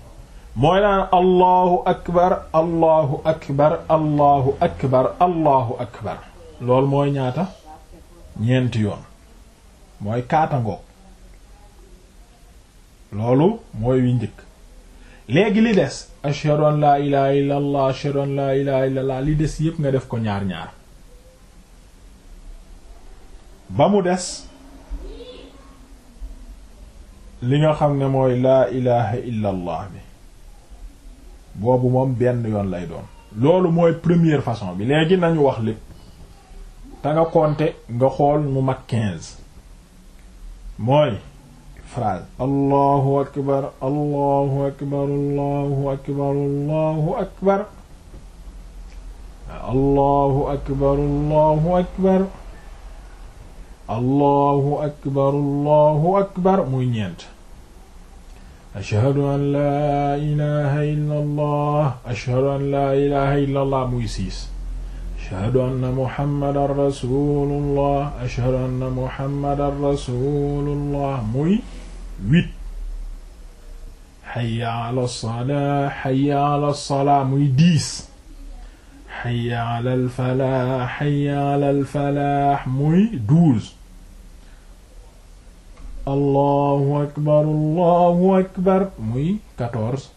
mooy naan allahu akbar allahu akbar allahu akbar allahu akbar loolu mooy ñaata ñeenti yoon mooy kaata ngoog loolu mooy wi njëkk léegi li des ashhadu an laa ilaha illa allah ashhadu laa ilaha illa li des yépp nga def ko ñaar-ñaar ba mu des li nga xam ne mooy laa ilaha illa allah bi boobu moom benn yoon lay doon loolu mooy première façon bi léegi nañu wax lépp te nga compter nga xool mu mag quinze mooy phrase allahu akbar allahu akbar allahu akbar allahu akbar allahu akbar allahu akbar allahu akbar allahu akbar muy ñeent ashhadu an laa ilaha illa allah ashhadu an laa ilaha illa allah muy siis ashhadu anna muhammadan rasulullah ashhadu anna muhammadan rasulullah muy huit hayya ala salaa hayya ala salaa muy dix hayya ala al falaax hayya ala al falaax muy douze allahu akbar allahu akbar muy quatorze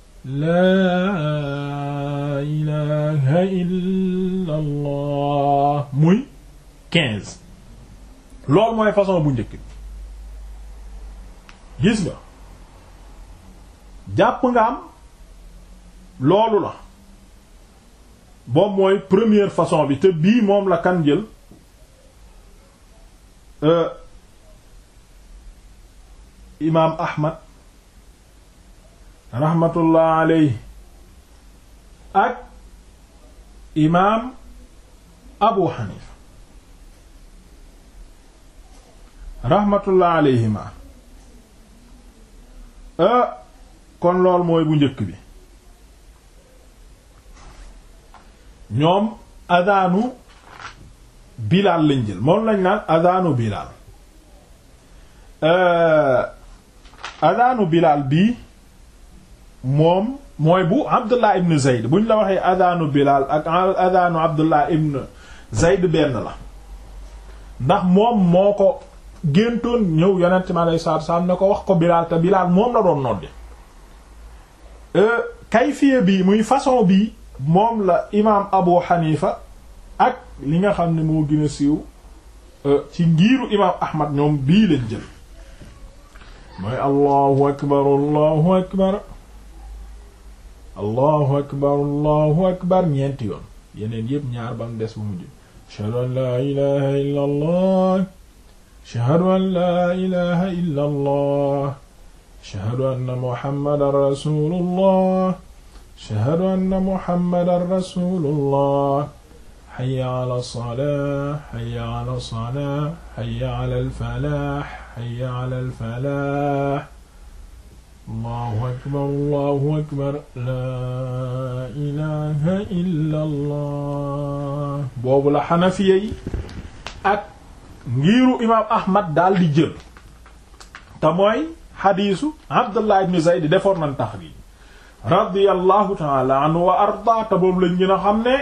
laa ilaha illa allah muy quinze loolu mooy façon bu njëkk gis nga jàpp nga am loolu la boobu mooy première façon bi te bii moom la kan jël euh, imaam Ahmad rahmatullah alayhi ak imaam Abu Hanifa rahmatullah alayhima ah kon lool mooy bu njëkk bi ñoom adaanu bilaal lañ jël moom lañ naan adaanu bilaal eh, adaanu bilaal bii moom mooy bu abdullah ibn zayd buñ la waxee adaanu bilaal ak adaanu abdullah ibn zayd benn la ndax moom moo ko géntoon ñëw yonent mi alayhi salaatu salaam ne ko wax ko Bilaal te Bilaal moom la doon nodde euh, kayfiya bi muy façon bi moom la imaam Abu Hanifa ak li nga xam ne moo gën a siiw euh, ci ngiiru imaam Ahmad ñoom bii lañ jël mooy allahu akbar allahu akbar allahu akbar ñeenti yoon yeneen yépp ñaar ba mu des bu mujj ashhadu an la ilaha illa ashhadu an laa ilaha illa allah ashhadu anna muhammadan rasulullah ashhadu anna muhammadan rasulullah hayya ala salaah hayya ala salaah hayya ala alfalaah hayya ala alfalaah allahu akbar allahu akbar laa ilaha illa allah boobu la xanafiya yi ak ngiiru imaam ahmad daal jël te mooy xadiisu abdullah ibn zayd defoon nañ taxrij radiyallahu taala anhu wa arda te boobu lañ xam ne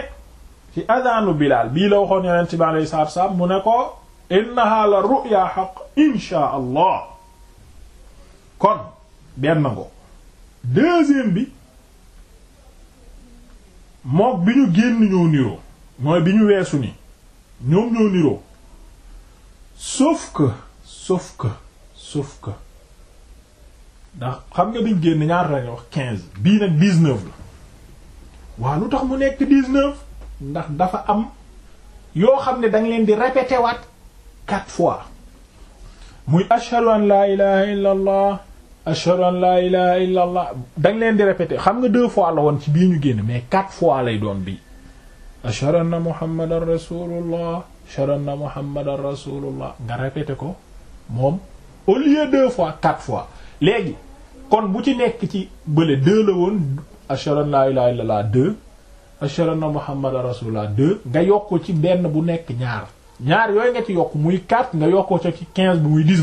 ci adaanu bilaal bii la waxoon yonent bi alayhi salaatu mu ne ko innaha la ru'ya haqq insha allah kon benn ngo deuxième bi mook bi ñu génn ñoo niroo mooy bi ñu weesu ni ñoom ñoo niroo sauf que sauf que sauf que ndax xam nga biñ génn ñaar lañu wax quinze bii nag dix-neuf la waaw lu tax mu nekk dix ndax dafa am yoo xam ne danga leen di répété waat quatre fois muy ashhadu an la ilaha illa allah ashhadu an la ilaha illa danga leen di répété xam nga deux fois la woon ci bii ñu génn mais quatre fois lay doon bii ashhadu anna muhammadan rasulullah ashhadu anna muhammadan rasulullah nga répété ko moom au lieu deux fois quatre fois léegi kon bu ci nekk ci bële deux la woon ashhadu an la ilaha illallah deux ashhadu anna muhammadan rasulullah deux nga yokkoo ci benn bu nekk ñaar ñaar yooyu nga ci yokk muy quatre nga yokkoo ca ci quinze bu muy dix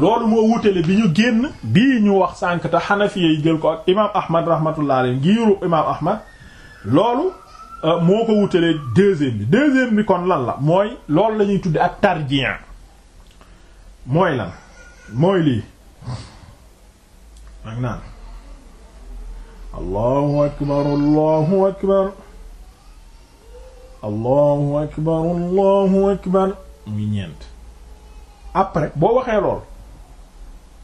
loolu moo wutale bi ñu génn bii ñu wax sànq te xanafiya yi jël ko ak imaam ahmad rahmatullah alayhi ngiiru imaam ahmad loolu Euh, moo ko wutalee deuxième bi deuxième bi kon lan la mooy loolu la ñuy ak tarjien mooy lan mooy lii nag naan allahu akbar allahu akbar allahu akbar allahu akbar muy ñeent après boo waxee lool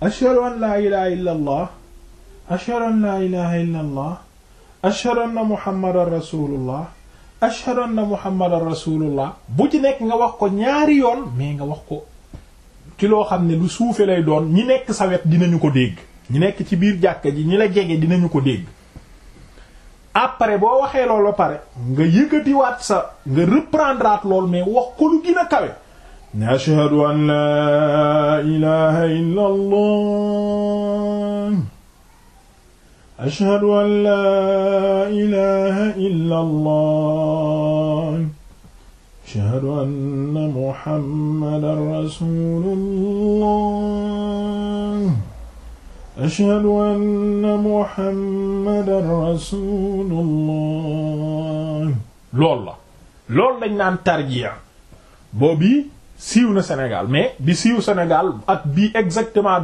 ashhadu an la ilaha illa allah ashhadu an la ilaha illa allah ashhadu anna muhammadan rasulullah ashhadu anna muhammadan rasulullah bu ci nekk nga wax ko ñaari yoon mais nga wax ko ci loo xam ne lu suufe lay doon ñi nekk sa wet dinañu ko dégg ñi nekk ci biir jàkka ji ñi la jege dinañu ko dégg après boo waxee loolu pare nga yëkkatiwaat sa nga reprendraat lool mais wax ko lu gën a kawe ne ashhadu an laa ilaha illa ashhadu an laa ilaaha illa allah ashhadu anna muhammadan siiw na Sénégal bi siiw Sénégal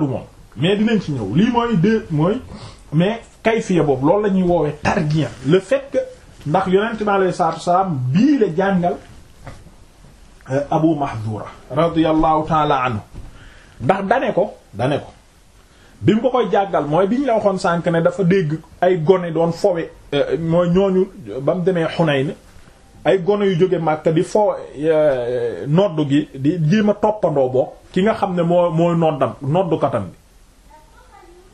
du moom mais dinañ ci ñëw lii mooy de mais kayfiya boobu loolu la ñuy woowee tarjien le fait que ndax yonent bi alayhi salaatu wasalaam bii la jàngal euh, Abu Mahdura radiyallahu taala anhu ndax dane ko dane ko bi mu ko koy jàggal mooy bi ñu la waxoon sànk ne dafa dégg ay gone doon fowe euh, mooy ñooñu ba mu demee Xunayn ay gone yu jóge Màkka di fo euh, noddu gi di jéem a toppandoo boo ki nga xam ne moo mooy noddam noddukatam bi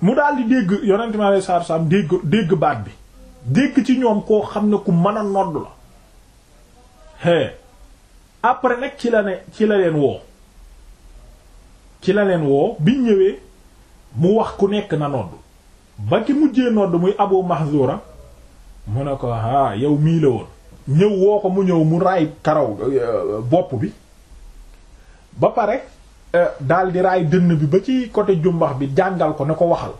mu daal di dégg yonent mi alayhi salaatu dégg dégg baat bi dégg ci ñoom koo xam ne ku mën a nodd la hee après nag ci la ne ci la leen woo ci la leen woo biñ ñëwee mu wax ku nekk na nodd ba ki mujjee nodd muy Abu Mahzura mu ne ko haa yow mii la woon ñëw woo ko mu ñëw mu raay karaw euh, bopp bi ba pare daal di raay dënn bi ba ci côté jumbax bi jàngal ko ne ko waxal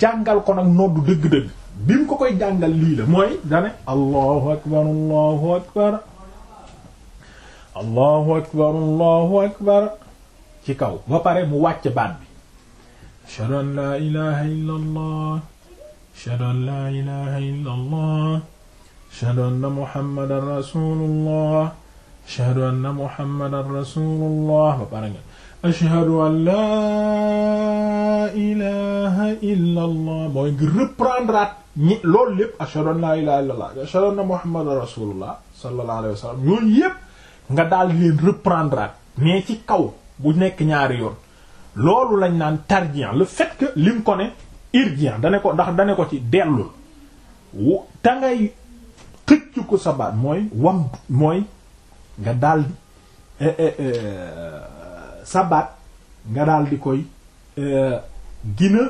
jàngal ko nag noddu dëgg-dëgg bi ko koy jàngal lii la mooy dane allahu akbar allahu akbar ci kaw ba pare mu wàcc baat bi ashhadu an laa ilaha illa allah an muhammadan rasulullah ashhadu an laa ilaha illa mooy ngi reprendre ñi loolu lépp ashhadu an laa ilaha illa allah ashhadu anna muhammadan rasulullah sallallahu alayhi wa sallam yooyu yépp nga daal di leen reprendre mais ci kaw bu nekk ñaari yoon loolu lañ naan tarjian le fait que lim ko ne irjian dane ko ndax dane ko ci dellul wu te ngay xëcc ko sa baat mooy wam mooy nga daal eh, eh, eh, sa baat nga daal di koy euh, gina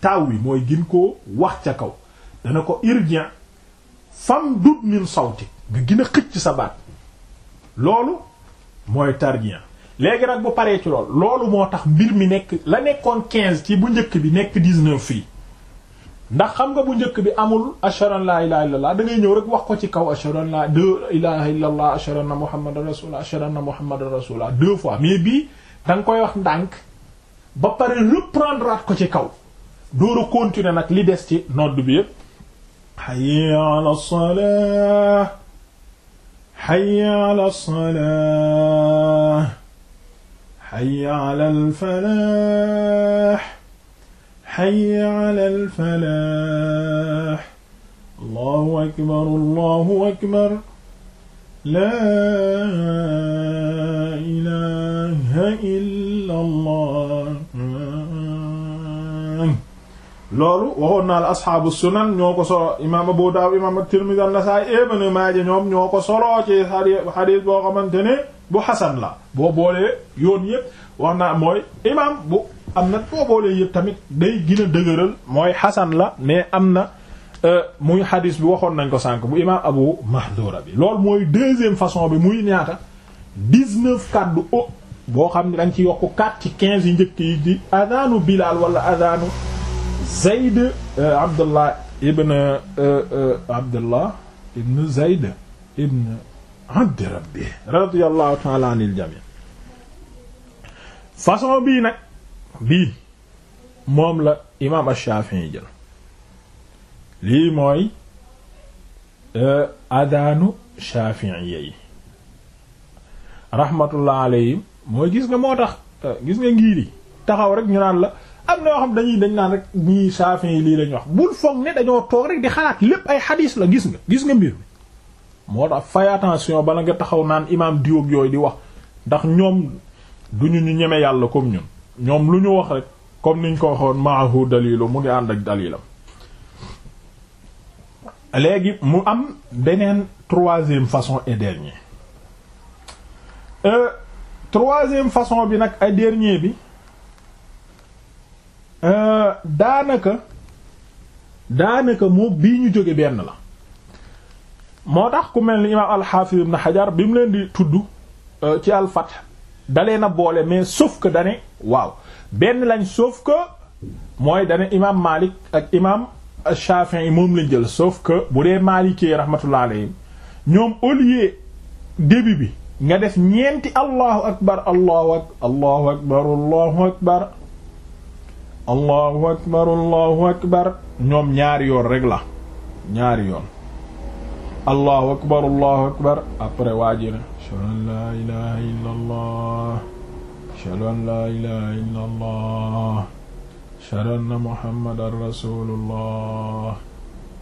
taw wi mooy gin koo wax ca kaw dana ko irja fam dut min sawti nga gina xëcc sa baat loolu mooy tarjien léegi nag bu paree ci lool loolu moo tax mbir mi nekk la nekkoon quinze ci bu njëkk bi nekk dix-neuf fii ndax xam nga bu njëkk bi amul ashhadu an la ilaha illallah da ngay ñëw rek wax ko ci kaw ashhadu an la ilaha illallah ashhadu anna muhammadan rasulullah ashhadu anna muhammadan rasulullah deux fois mais bi da nga koy wax ndànk ba pare reprendre ko ci kaw door a continuer nag li des ci nodd bi ala salah salah hayya ala al falah hayya ala al falah allahu ilaha illa loolu waxoon naa la asxaabu sunan ñoo ko solo imaam Abu Daawud imaam At-Tirmidhi An-Nasaa'i Ibn Maaja ñoom ñoo ko solo ci xadiis boo xamante bu xasan la boo boole yoon yëpp wax naa mooy imaam bu am na boo boolee yëpp tamit day gën a mooy xasan la mais am na euh, muy xadiis bi waxoon nañ ko sànk bu imaam Abu Mahdura bi loolu mooy deuxième façon bi muy ñaata dix-neuf o boo xam ne dañ ci yokk quatre ci quinze yi njëkk yi di adanu Bilal wala adanu Zayd euh, Abdullah ibn euh, euh, Abdullah ibn Zayd ibn abdi rabbi ta'ala anil jami façon bii nag bii moom la imaam Ash-Shafi'i jël lii mooy adaanu Shafi'i yi rahmatullah alayhim mooy gis nga moo tax gis nga ngir yi taxaw rek ñu naan la am na yoo xam dañuy dañ naan rek ñii saafin yi lii la ñu wax bul foog ne dañoo toog rek di xalaat lépp ay xadiis la gis nga gis nga mbir mi moo tax fay attention bala nga taxaw naan imaam diwog yooyu di wax ndax ñoom duñu ñu ñu ñeme yàlla comme ñun ñoom lu ñu wax rek comme niñ ko waxoon maahu dalilu mu ngi ànd ak dalilam léegi mu am beneen troisième façon et dernier Euh, troisième façon bi nag ay dernier bi euh, daanaka daanaka moom bii ñu jóge benn la moo tax ku mel ni imaam al-Hafiz ibn Hajar bi mu leen di tudd euh, ci al-Fath dalee na boole mais suuf que dane waaw benn lañ sauf que mooy dane imaam Malik ak imaam Shafi'i moom lañ jël suuf que bu dee Maliki rahmatullah alayhi ñoom au lieu début bi nga def ñeenti allahu akbar allahu ak allahu akbar allahu akbar allahu akbar allahu akbar ñoom ñaari yoon rek la ñaari yoon allahu akbar allahu akbar après waajina ashhadu an la ilaha illa allah ashhadu an la ilaha illa allah ashhadu anna muhammadan rasulullah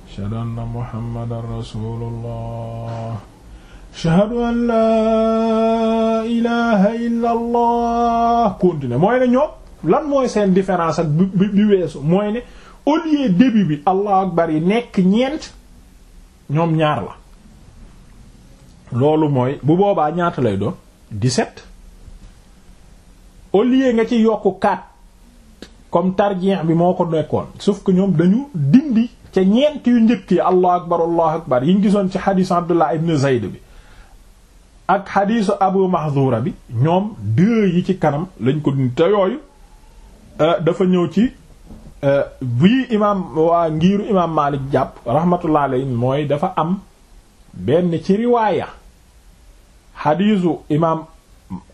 ashhadu anna muhammadan rasulullah ashhadu an laa ilaha illa allah continuer mooy ne ñoom lan mooy seen différence ak bi bi weesu mooy ne au lieu bi allahu akbar yi nekk ñeent ñoom ñaar la loolu mooy bu boobaa ñaata lay doon 17 au lieu nga ci yokk 4 comme tarjih bi moo ko nekkoon sauf que ñoom dañu dindi ca ñeent yu njëkk yi allahu akbar allahu akbar yi ñu gisoon ci hadith Abdullah ibn Zayd bi ak xadiisu abu mahzura bi ñoom deux yi ci kanam lañ ko dund te yooyu euh, dafa ñëw ci euh, bii imaam waa ngiiru imaam Maalik jàpp rahmatullah alayhi mooy dafa am benn ci riwaaya xadiisu imaam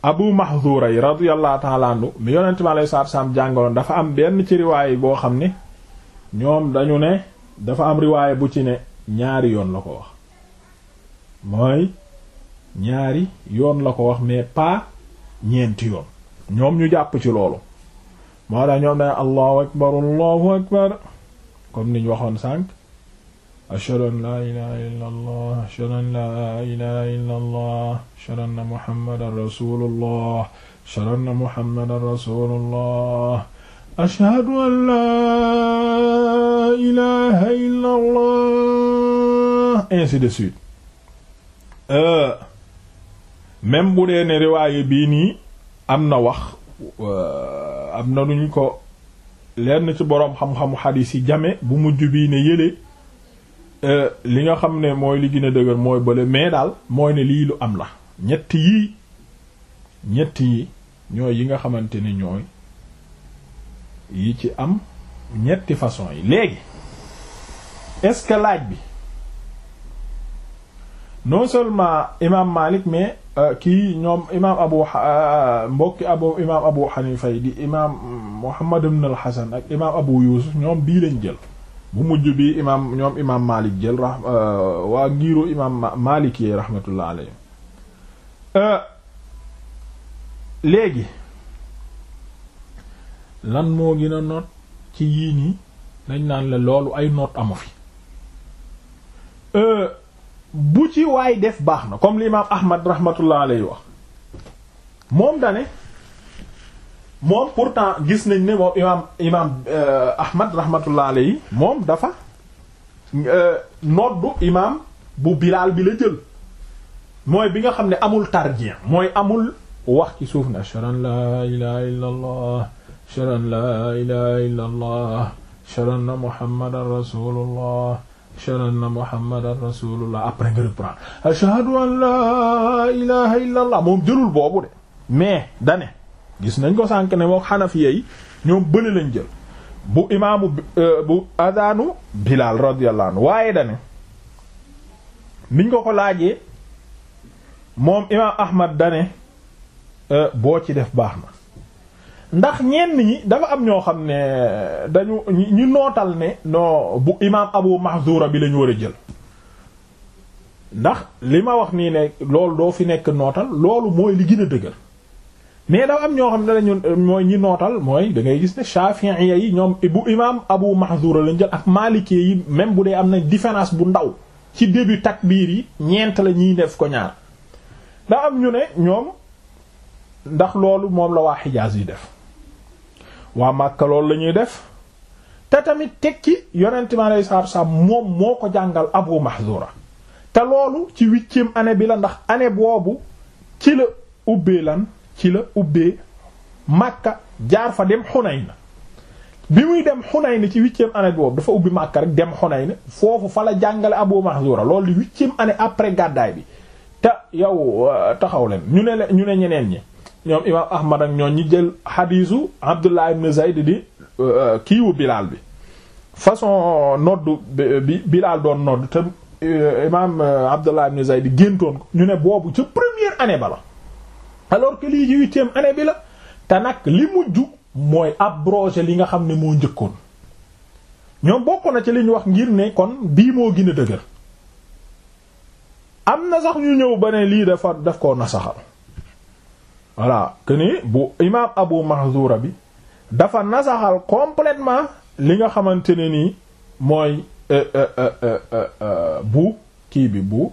abu mahzura yi radiyallahu ta'ala anhu mi yonent mi alayhi salaatu salaam jàngaloon dafa am benn ci riwaaya yi boo xam ne ñoom dañu ne dafa am riwaaya bu ci ne ñaari yoon la ko wax mooy ñaari yoon la ko wax mais pas ñeenti yoon ñoom ñu jàpp ci loolu moo tax ñoom dañ allahu akbar allahu akbar comme niñ waxoon sànq ashhadu an la ilaha illa allah ashhadu an la ilaha illa allah ashhadu anna muhammadan rasulullah ashhadu anna muhammadan rasulullah ashhadu an la ilaha illa allah ainsi de suite euh, même bu dee ne riwaaye bii nii am na wax euh, am na lu ñu ko lenn ci boroom xam-xamu xadiis yi jame bu mujj bii ne yële euh, li nga xam ne mooy li gën dëgër mooy bële mais daal mooy ne lii lu am la ñetti yii ñett yi ñooy yi nga xamante ni ñooy yi ci am ñetti façon yi léegi est-ce que laaj bi non seulement imam Malik mais Euh, kii ñoom imaam abu euh, mbokki abu imaam abu xanifa di imaam muhammad ibn al hasan ak imaam abu yusuf ñoom bii lañ jël bu mujj bi imaam ñoom imaam malik jël euh, waa ngiiru imaam malik yi rahmatullah alayhi léegi lan moo gën a noot ci yii nii dañ ay noot amu fi bu ci waay def baax na comme l'imam ahmad rahmatullah alayhi wax moom dane moom pourtant gis nañ ne moom imaam imaam euh, ahmad rahmatullah alayhi moom dafa euh, noddu imaam bu bilaal bi la jël mooy bi nga xam ne amul tarjien mooy amul wax ci suuf na ashhadu an la ilaha illa allah ashhadu an la ilaha rasulullah ashhadu anna muhammadan rasulullah après nga reprendre ashhadu an la ilaha illa moom jëlul boobu de mais dane gis nañ ko sànk ne moom xanafiya yi ñoom bële jël bu imaamu euh, bu adaanu bilal radiyallahu waaye dane niñ ko ko laajee moom imaam ahmad dane euh, boo ci def baax na ndax ñenn ñi dafa am ñoo xam ne dañu ñu nootal ne no bu imaam Abu Mahzura bi lañu ñu war a jël ndax li ma wax nii ne loolu doo fi nekk nootal loolu mooy li gën a dëgër mais dafa am ñoo xam ne dañu ñi nootal mooy da ngay gis ne Shafi'iyya yi ñoom bu imaam Abu Mahzura lañ jël ak Maliki yi même bu dee am na différence bu ndaw ci début takbiir yi ñeent la ñuy def ko ñaar daa am ñu ne ñoom ndax loolu moom la waa xijaas yi def. waa Màkka loolu la ñuy def te tamit tekki yonent mi alayhi salaatu salaam moom moo ko jàngal Abu Mahzura te loolu ci huitième année bi la ndax année boobu ci la ubbee lan ci la ubbee Màkka jaar fa dem Xunayna bi muy dem Xunayna ci huitième année boobu dafa ubbi Màkka rek dem Xunayna foofu fa la jàngale Abu Mahzura loolu di huitième année après gàddaay bi te yow euh, taxaw leen ñu ne ñu ne ñeneen ñi. ñoom imam ahmad ak ñoo ñi jël xadiisu abdullah ibn zayd di euh, kiiwu bilaal bi façon noddu bi bilaal doon nodd te euh, imam euh, abdullah ibn zayd géntoon ko ñu ne boobu ca première année ba la alors que lii ci huitième année bi la te nag li mujj mooy abrogé li nga xam ne moo njëkkoon ñoom bokk na ci li ñu wax ngir ne kon bii moo gën a dëgër am na sax ñu ñëw ba ne lii dafa def koo nasaxal voilà que ni bu imaam Abu Mahzura bi dafa nasaxal complètement li nga xamante ne nii mooy euh, euh, euh, bu kii bi bu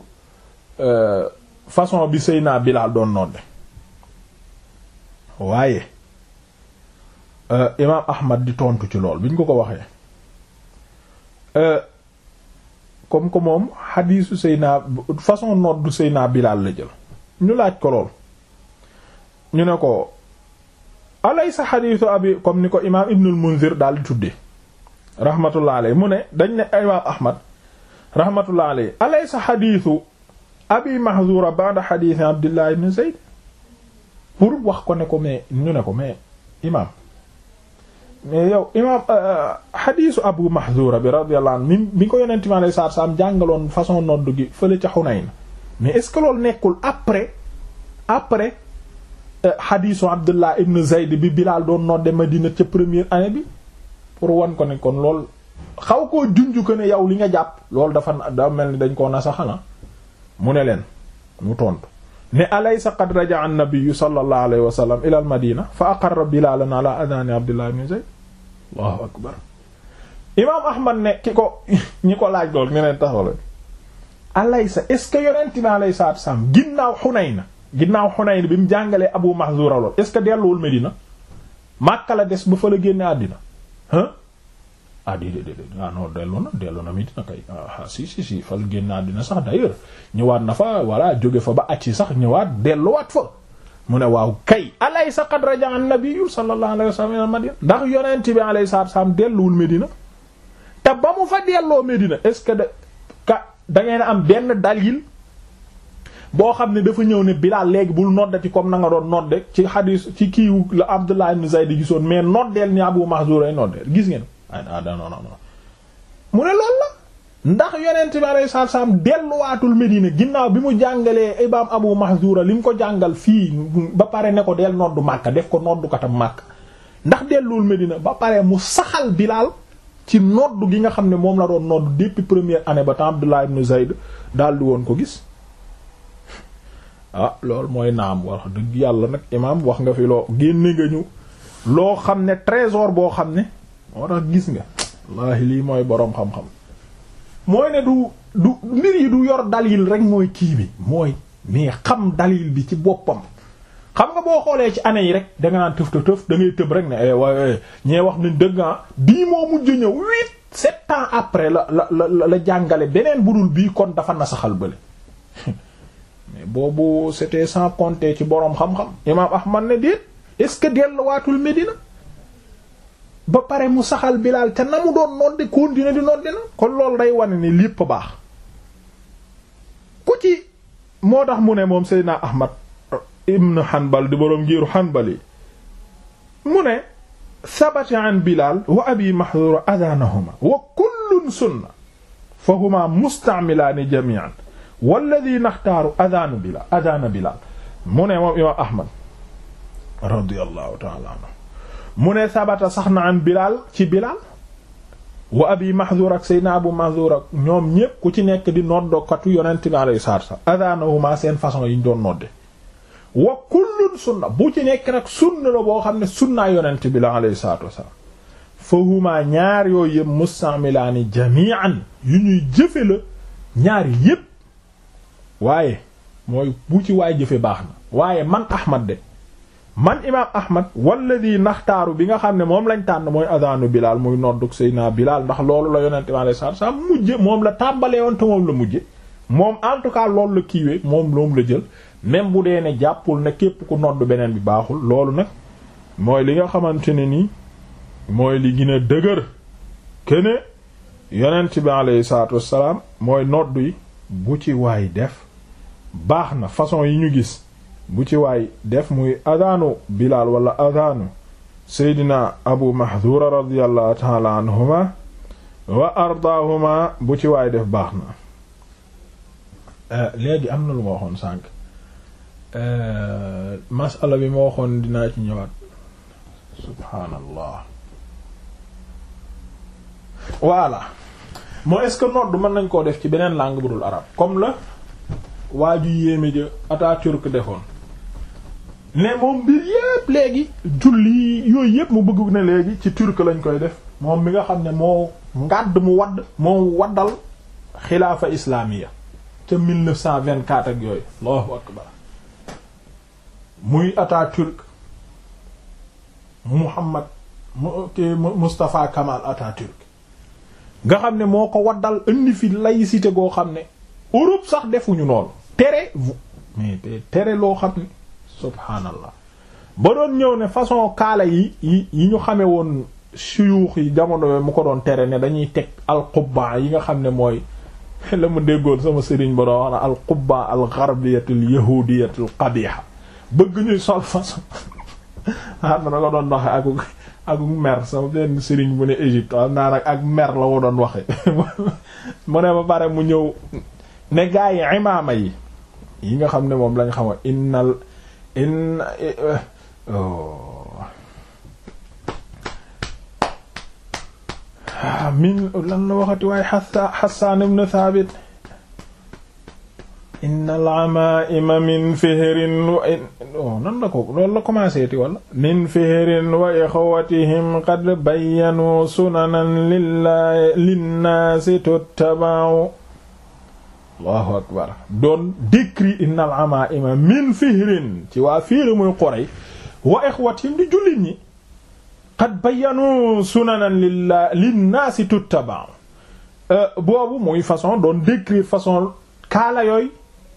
façon bi sëy Seyna Bilaal doon nodde waaye imaam Ahmad di tontu ci lool bi ñu ko ko waxee comme que moom sëy Seyna façon noddu naa Bilaal la jël ñu laaj ko lool. ñu ne ko alaysa xadiisu abi comme ni ko imaam ibnul munzir daal di tudde rahmatullah aley mu ne dañ ne imaam ahmad rahmatullah aley alaysa xadiisu abi mahzura ba'da xadiisi abdillah ibn zayd pour wax ko ne ko mais ñu ne ko mais imaam mais yow imaam xadiisu euh, euh, abu mahzura bi radiyallahu anhu mi mi ko yonent mi alayhi salaatu salaam jàngaloon façon nodd gi fële ca Hunayn mais est-ce que loolu nekkul après après xadiisu abdullah ibn zayd bi bilaal doon nodde madina ca première année bi pour wan ko ne kon lool xaw koo junj ko ne yow li nga jàpp loolu dafa da mel ni dañ koo na sa ah. mu ne leen mu tontu ne alaysa qad raja'a an-nabiyyu sallallahu alayhi wa sallam ila al-madina fa aqarra bilalan ala adhani abdullah ibn zayd allahu akbar ne ki ko ñi ko laaj lool ne leen taxawal alaysa est ce que yonent bi alayhi salaatu wa salaam ginnaaw Hunayna ginnaaw Hunayn bi mu jàngalee Abu Mahzura lool est-ce que delluwul Medina Makka la des ba fa la génne àddina ah ah di di ah non dellu na dellu na Medina kay ah, si si si fa la génne àddina sax d'ailleurs ñëwaat na fa voilà jóge fa ba acci sax ñëwaat delluwaat fa mu ne waaw kay alaysa qad raja'a an-nabiyyu sa alayhi wa sallam ila Madina ndax yonent bi alayhi salaatu salaam delluwul Medina te ba mu fa delloo Medina est-ce que da ka da ngeen am benn dalil. boo xam ne dafa ñëw ne Bilaal léegi bul noddati comme na nga doon nodde ci xadiis ci kiiwu la Abdullah ibn Zayd gisoon mais noddeel ni Abu Mahzur ay noddeel gis ngeen ah, ah non mu ne loolu la ndax yonent bi alayhi salaatu salaam delluwaatul Medina ginnaaw bi mu jàngalee imaam Abu Mahzura li mu ko jàngal fii ba pare ne ko del noddu Makka def ko noddukatam Makka ndax delluwul Medina ba pare mu saxal Bilaal ci noddu gi nga xam ne moom la doon noddu dépp première année ba temps Abdullah ibn Zayd daal di woon ko gis ah loolu mooy naam wax dëgg yàlla nag imaam wax nga fi loo génne nga ñu loo xam ne trésor boo xam ne moo tax gis nga wallaahi lii mooy boroom xam-xam mooy ne du du mbir yi du yor dalil rek mooy kii bi mooy mais xam dalil bi ci boppam xam nga boo xoolee ci année yi rek da nga naan tëf tëf tëf da tëb rek ne eh, waaye eh, ñee wax nañ dëgg ah bii moo mujj ñëw huit sept après la la la la jàngale beneen budul bii kon dafa nasaxal bële mais boobu c'était sans compter ci boroom xam-xam imaam Ahmad ne déet est-ce que delluwaatul Medina ba pare mu saxal Bilaal te na mu doon nodde continuer di nodde na kon loolu day wane ni lépp baax ku ci moo tax mu ne moom Seydina Ahmad ibn Hanbal di boroom ngiiru Hanbali mu ne sabata an Bilaal wa abi Mahdura adanahuma wa kullun sunna fa huma mustaamilaani jami'an walladi naxtaaru adanu bilal adana bilal mu ne moom imaam ahmad radiallahu taala anhu mu sabata sax na an bilal ci bilal wa abi mahdur ak sayna abu mahdur ñoom ñépp ku ci nekk di noddokatu yonent bi alayhi salaatu wa seen façon yi ñu doon nodde wa kullun sunna bu ci nekk nag sunna la boo xam ne sunnaa yonent bi la alayhi salaatu wa salaam fa huma ñaar yooyu yëpp mustamilaani jami'an yu ñuy jëfe la ñaar yépp waaye mooy bu ci waay jëfe baax na waaye man ahmad de man imaam ahmad walladi naxtaaru bi nga xam ne moom lañ tànn mooy adanu bilaal muy noddug naa bilal ndax loolu la yonente mi alei satu salaam mujje moom la tàmbalee woon te moom la mujje moom en tout loolu la kiiwee moom loom la jël même bu dee ne jàppul ne képp ku nodd beneen bi baaxul loolu nag mooy li nga xamante ne nii mooy li gina dëgër kene yonent bi aleyhi salaatu wassalaam mooy nodd bu ci waay def baax na façon yi ñu gis bu ci waay def muy adaanu bilaal wala adaanu seydina abu mahdura radiallahu taala anhuma wa ardaahuma bu ci waay def baax na euh, léegi am na lu ma waxoon sànq euh, masala bi ma waxoon dinaa ci ñëwaat subhaanallah voilà moo est-ce que nodd mën nañ koo def ci beneen langue bu dul arab comme waa ju yéeme ja Atatürk defoon ne moom mbir yépp léegi julli yooyu yépp mu bëggu ne léegi ci turc lañ koy def moom mi nga xam ne moo ngàdd mu wadd moo waddal xilaafa islaamiya ca 1924 ak yooyu allahu akbar muy Atatürk Muhammad Mustafa Kamal Atatürk nga xam ne moo ko waddal indi fi laïcité goo xam ne Europe sax defuñu noonu tere mais tere loo xam ne subhaanallah ba doon ñëw ne façon kaala yi yi yi ñu xame woon suyuux yi jamono mu ko doon tere ne dañuy teg al alqubba yi nga xam ne mooy la mu déggoon sama sëriñ ba doon wax na alqubba algarbiyatul yahudiyatul qabiha bëgg ñuy sol façon am na doon waxe ak ak mer sama benn sëriñ bu ne Égypte am naa nag ak mer la wo doon waxe mu ne ba pare mu ñëw ne gaa yi imaama yi yi nga xam ne moom lañ xama innal in eh, eh, oh. ah, min lan la waxati waaye Hassaan ibn Thaabit innal amaa'ima min fihrin wa oh, nan la ko loolu la commencé ti wala min fihrin wa ixwatihim qad bayyanu sunanan lillahi linnaasi tuttaba'u allahu akbar doon décrit innal amaa'ima min fihrin ci waa fiir muy Quraysh wa ixwatihim di jullit ñi qad bayyanu sunanan lillah linnaasi tuttabaa euh, boobu muy façon doon décrire façon kaala yooy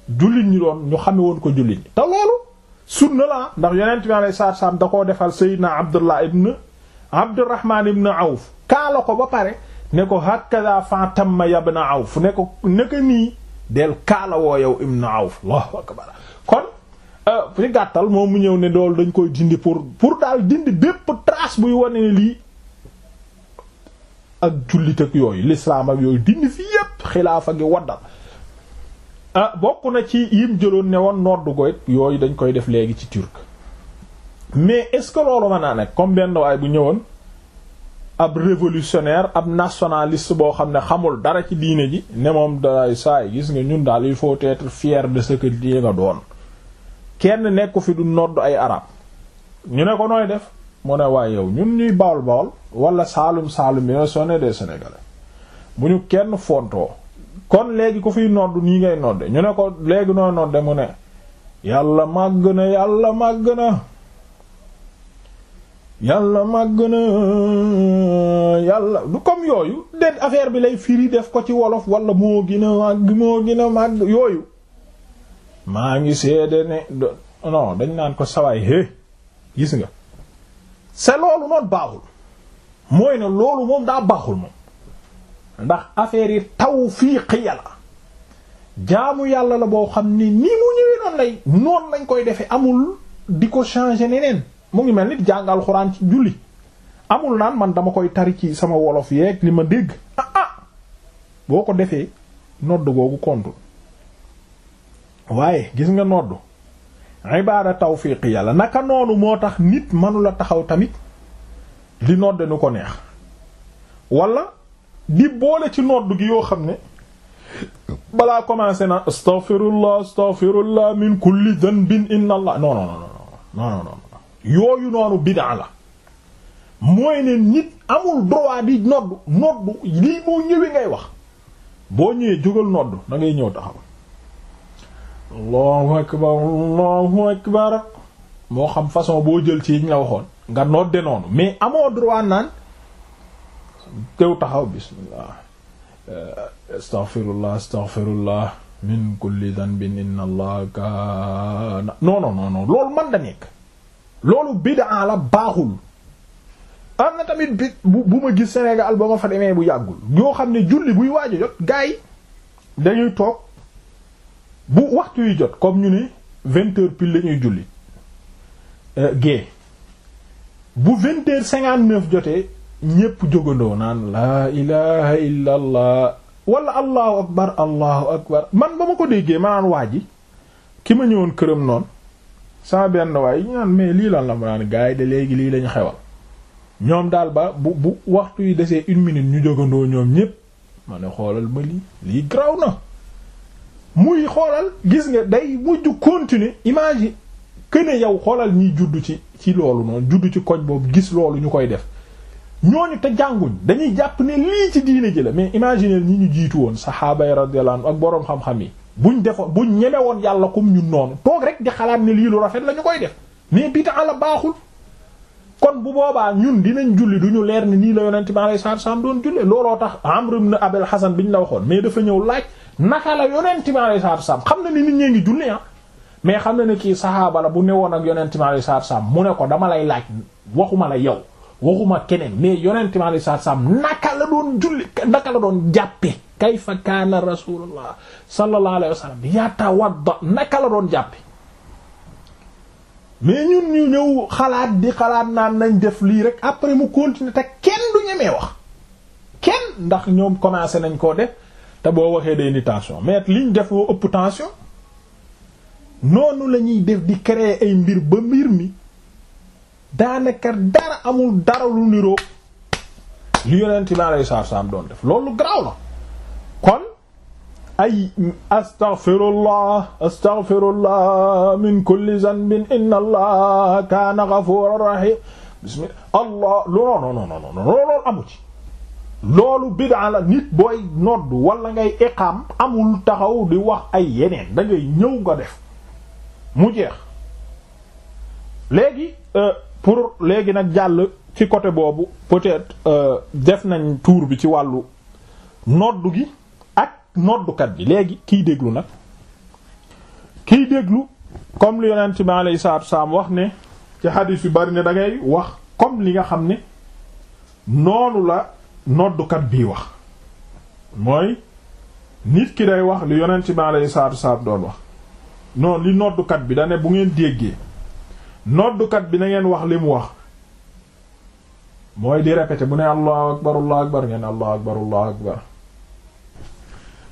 jullit ñi doon ñu xame woon ko jullit ñi te loolu sunna la ndax yonent bi alayhi salaatu salaam da koo defal Seydina Abdullah ibn Abdurrahman ibn Awf kaala ko ba pare ne ko hakaza fa tamma yabna Awf ne ko nii del kaalawoo yow ibnu Awf Allahu akbar kon ci euh, gàttal moom mu ñëw ne dool dañ koy dindi pour pour daal dindi bépp trace buy wane lii ak jullit ak yooyu l'islam ak yooyu dindi fi yépp xilaafa gi waddal ah euh, bokk na ci yim jëloon ne woon noddu goy yooyu dañ koy def léegi ci turc mais est-ce que loolu mën naa nekk comme benn waay bu ñëwoon ab révolutionnaire ab nationaliste boo xam ne xamul dara ci diine ji ne moom dalay saay gis nga ñun daal il faut être fier de ce que di nga doon kenn nekku fi du nodd ay arab ñu ne ko nooy def mu ne waaye yow ñun ñuy bawol bawol wala saalum saalum yo sonné de sénégalais bu ñu kenn fontoo kon léegi ku fiy nodd nii ngay nodde ñu ne ko léegi nooy nodde mu ne yàlla màgg na yàlla màgg na yàlla màgg na yàlla du comme yooyu den affaire bi lay firi def ko ci wolof wala moo gën a màgg moo gën màgg yooyu maa ngi seede ne non dañ naan ko sawaay é gis nga c'est loolu noonu baaxul mooy ne loolu moom daa baaxul moom ndax affaire yi tawfiiqi yàlla jaamu yàlla la boo xam ni ni mu ñëwee noonu lay noonu lañ koy defee amul di ko changer neneen mu ngi mel nit jàng alxuraan ci julli amul naan man dama koy tari ci sama wolof yeeg li ma dégg ah ah boo ko defee nodd googu kontul waaye gis nga nodd ibaada tawfiq yàlla naka noonu moo tax nit manula taxaw tamit di nodd nu ko neex wala di boole ci nodd gi yoo xam ne balaa commencé na astaghfirullah astaghfirullah min kulli dhanbin inna allah non non non non yooyu noonu bid'a la mooy ne nit amul droit di noddu noddu lii moo ñëwee ngay wax boo ñëwee jógal noddu da ñëw taxaw allahu akbar allahu akbar moo xam façon boo jël ci yiñ la waxoon nga nodde noonu mais amoo droit naan teew taxaw bismillah euh, astaghfirullah astaghfirullah min kulli dhanbin inna allaha kaana non non loolu man da nekk loolu bid'a la baaxul am na tamit bi bu ma gis senegaal ba ma fa demee bu yàggul yoo xam ne julli buy waaj a jot gars yi dañuy toog bu waxtu yu jot comme ñu ne vingt heures pile la ñuy julli euh, gée bu vingt heures cinquante neuf jotee ñépp jógandoo naan laa ilaha illa allah allahu akbar allahu akbar man ba ma ko déggee ma naan waa ji ki ma ñëwoon këram noonu sans benn waay yi ñaan mais lii lan la ma naan gars yi de léegi lii lañu xewal ñoom daal ba bu bu waxtu yi desee une minute ñu jógandoo ñoom ñépp ma ne xoolal ma lii lii graw na muy xoolal gis nga day mujj continuer image yi que yow xoolal ñiy judd ci ci loolu noonu juddu ci koñ boobu gis loolu ñu koy def ñooñu te jànguñ dañuy jàpp ne lii ci diine ji la mais imaginer ñi ñu jiitu woon saxaaba yi radiyallahu ak boroom xam-xam yi buñ defoon buñ ñeme woon yàlla comme ñun noonu toog rek di xalaat ne lii lu rafet la ñu koy def mais bid'a la baaxul. kon bu boobaa ñun dinañ julli du ñu leer ni nii la yonent bi alayhi salaatu salaam doon julli tax Amr ibn Abul Hasan la waxoon mais dafa ñëw naka la yonent bi alayhi salaatu xam na ni nit ñee ngi julli ah. mais xam na ne kii saxaaba la bu newoon ak yonent bi alayhi salaatu salaam mu ne ko dama lay laaj waxuma la yow waxuma keneen mais yonent bi alayhi salaatu salaam naka la doon julli naka la doon jàppee. kayfa kaana rasulullah sallallahu alayhi wa sallam yatawadda naka la doon jàppe mais ñun ñu ñëw xalaat di xalaat naan nañ def lii rek après mu continuer te kenn du ñemee wax kenn ndax ñoom commencé nañ koo def te boo waxee day ni tension mais liñ def woo ëpp tension noonu la ñuy def di créer ay mbir ba mbir mi daanaka dara amul dara lu niroo li yonent bi alayhi salaam doon def loolu garaaw la kon ay astaghfirullah astaghfirullah min kulli zanbin inna allah kaana ghafuran rahim bismillah allah non non non non loolu amu ci loolu bid'a la nit booy nodd wala ngay iqaam amul taxaw di wax ay yeneen da ngay ñëw nga def mu jeex léegi euh, pour léegi nag jàll ci côté boobu peut-être euh, def nañ tour bi ci wàllu nodd gi noddukat bi léegi kiy déglu nag kiy déglu comme li yonent bi alayhi salaatu wax ne ci xadiis yu bari ne da ngay wax comme li nga xam ne noonu la noddukat bii wax mooy nit ki day wax li yonent bi alayhi salaatu wassalaam doon wax non li noddukat bi da ne bu ngeen déggee noddukat bi na ngeen wax li mu wax mooy di répéter bu ne allahu akbar allahu akbar ngeen allahu akbar allahu akbar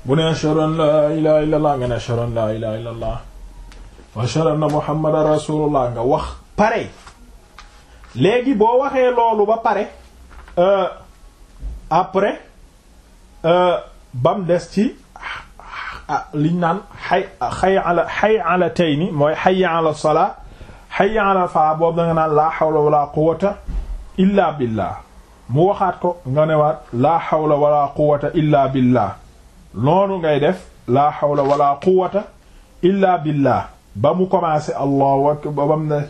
bu ne ashhadu an laa ilaha illa allah nga an muhammadan rasulullah nga pare léegi boo waxee loolu ba pare euh, après euh, bam des ci ah, liñ naan xay xay ala xay mooy xay ala salaa xay ala faa boobu nga naan laa xawla wala quwata illa billah mu waxaat ko nga laa xawla wala quwata illa noonu ngay def laa hawla wala quwwata illa billah ba mu commencé allahu akbar bam ne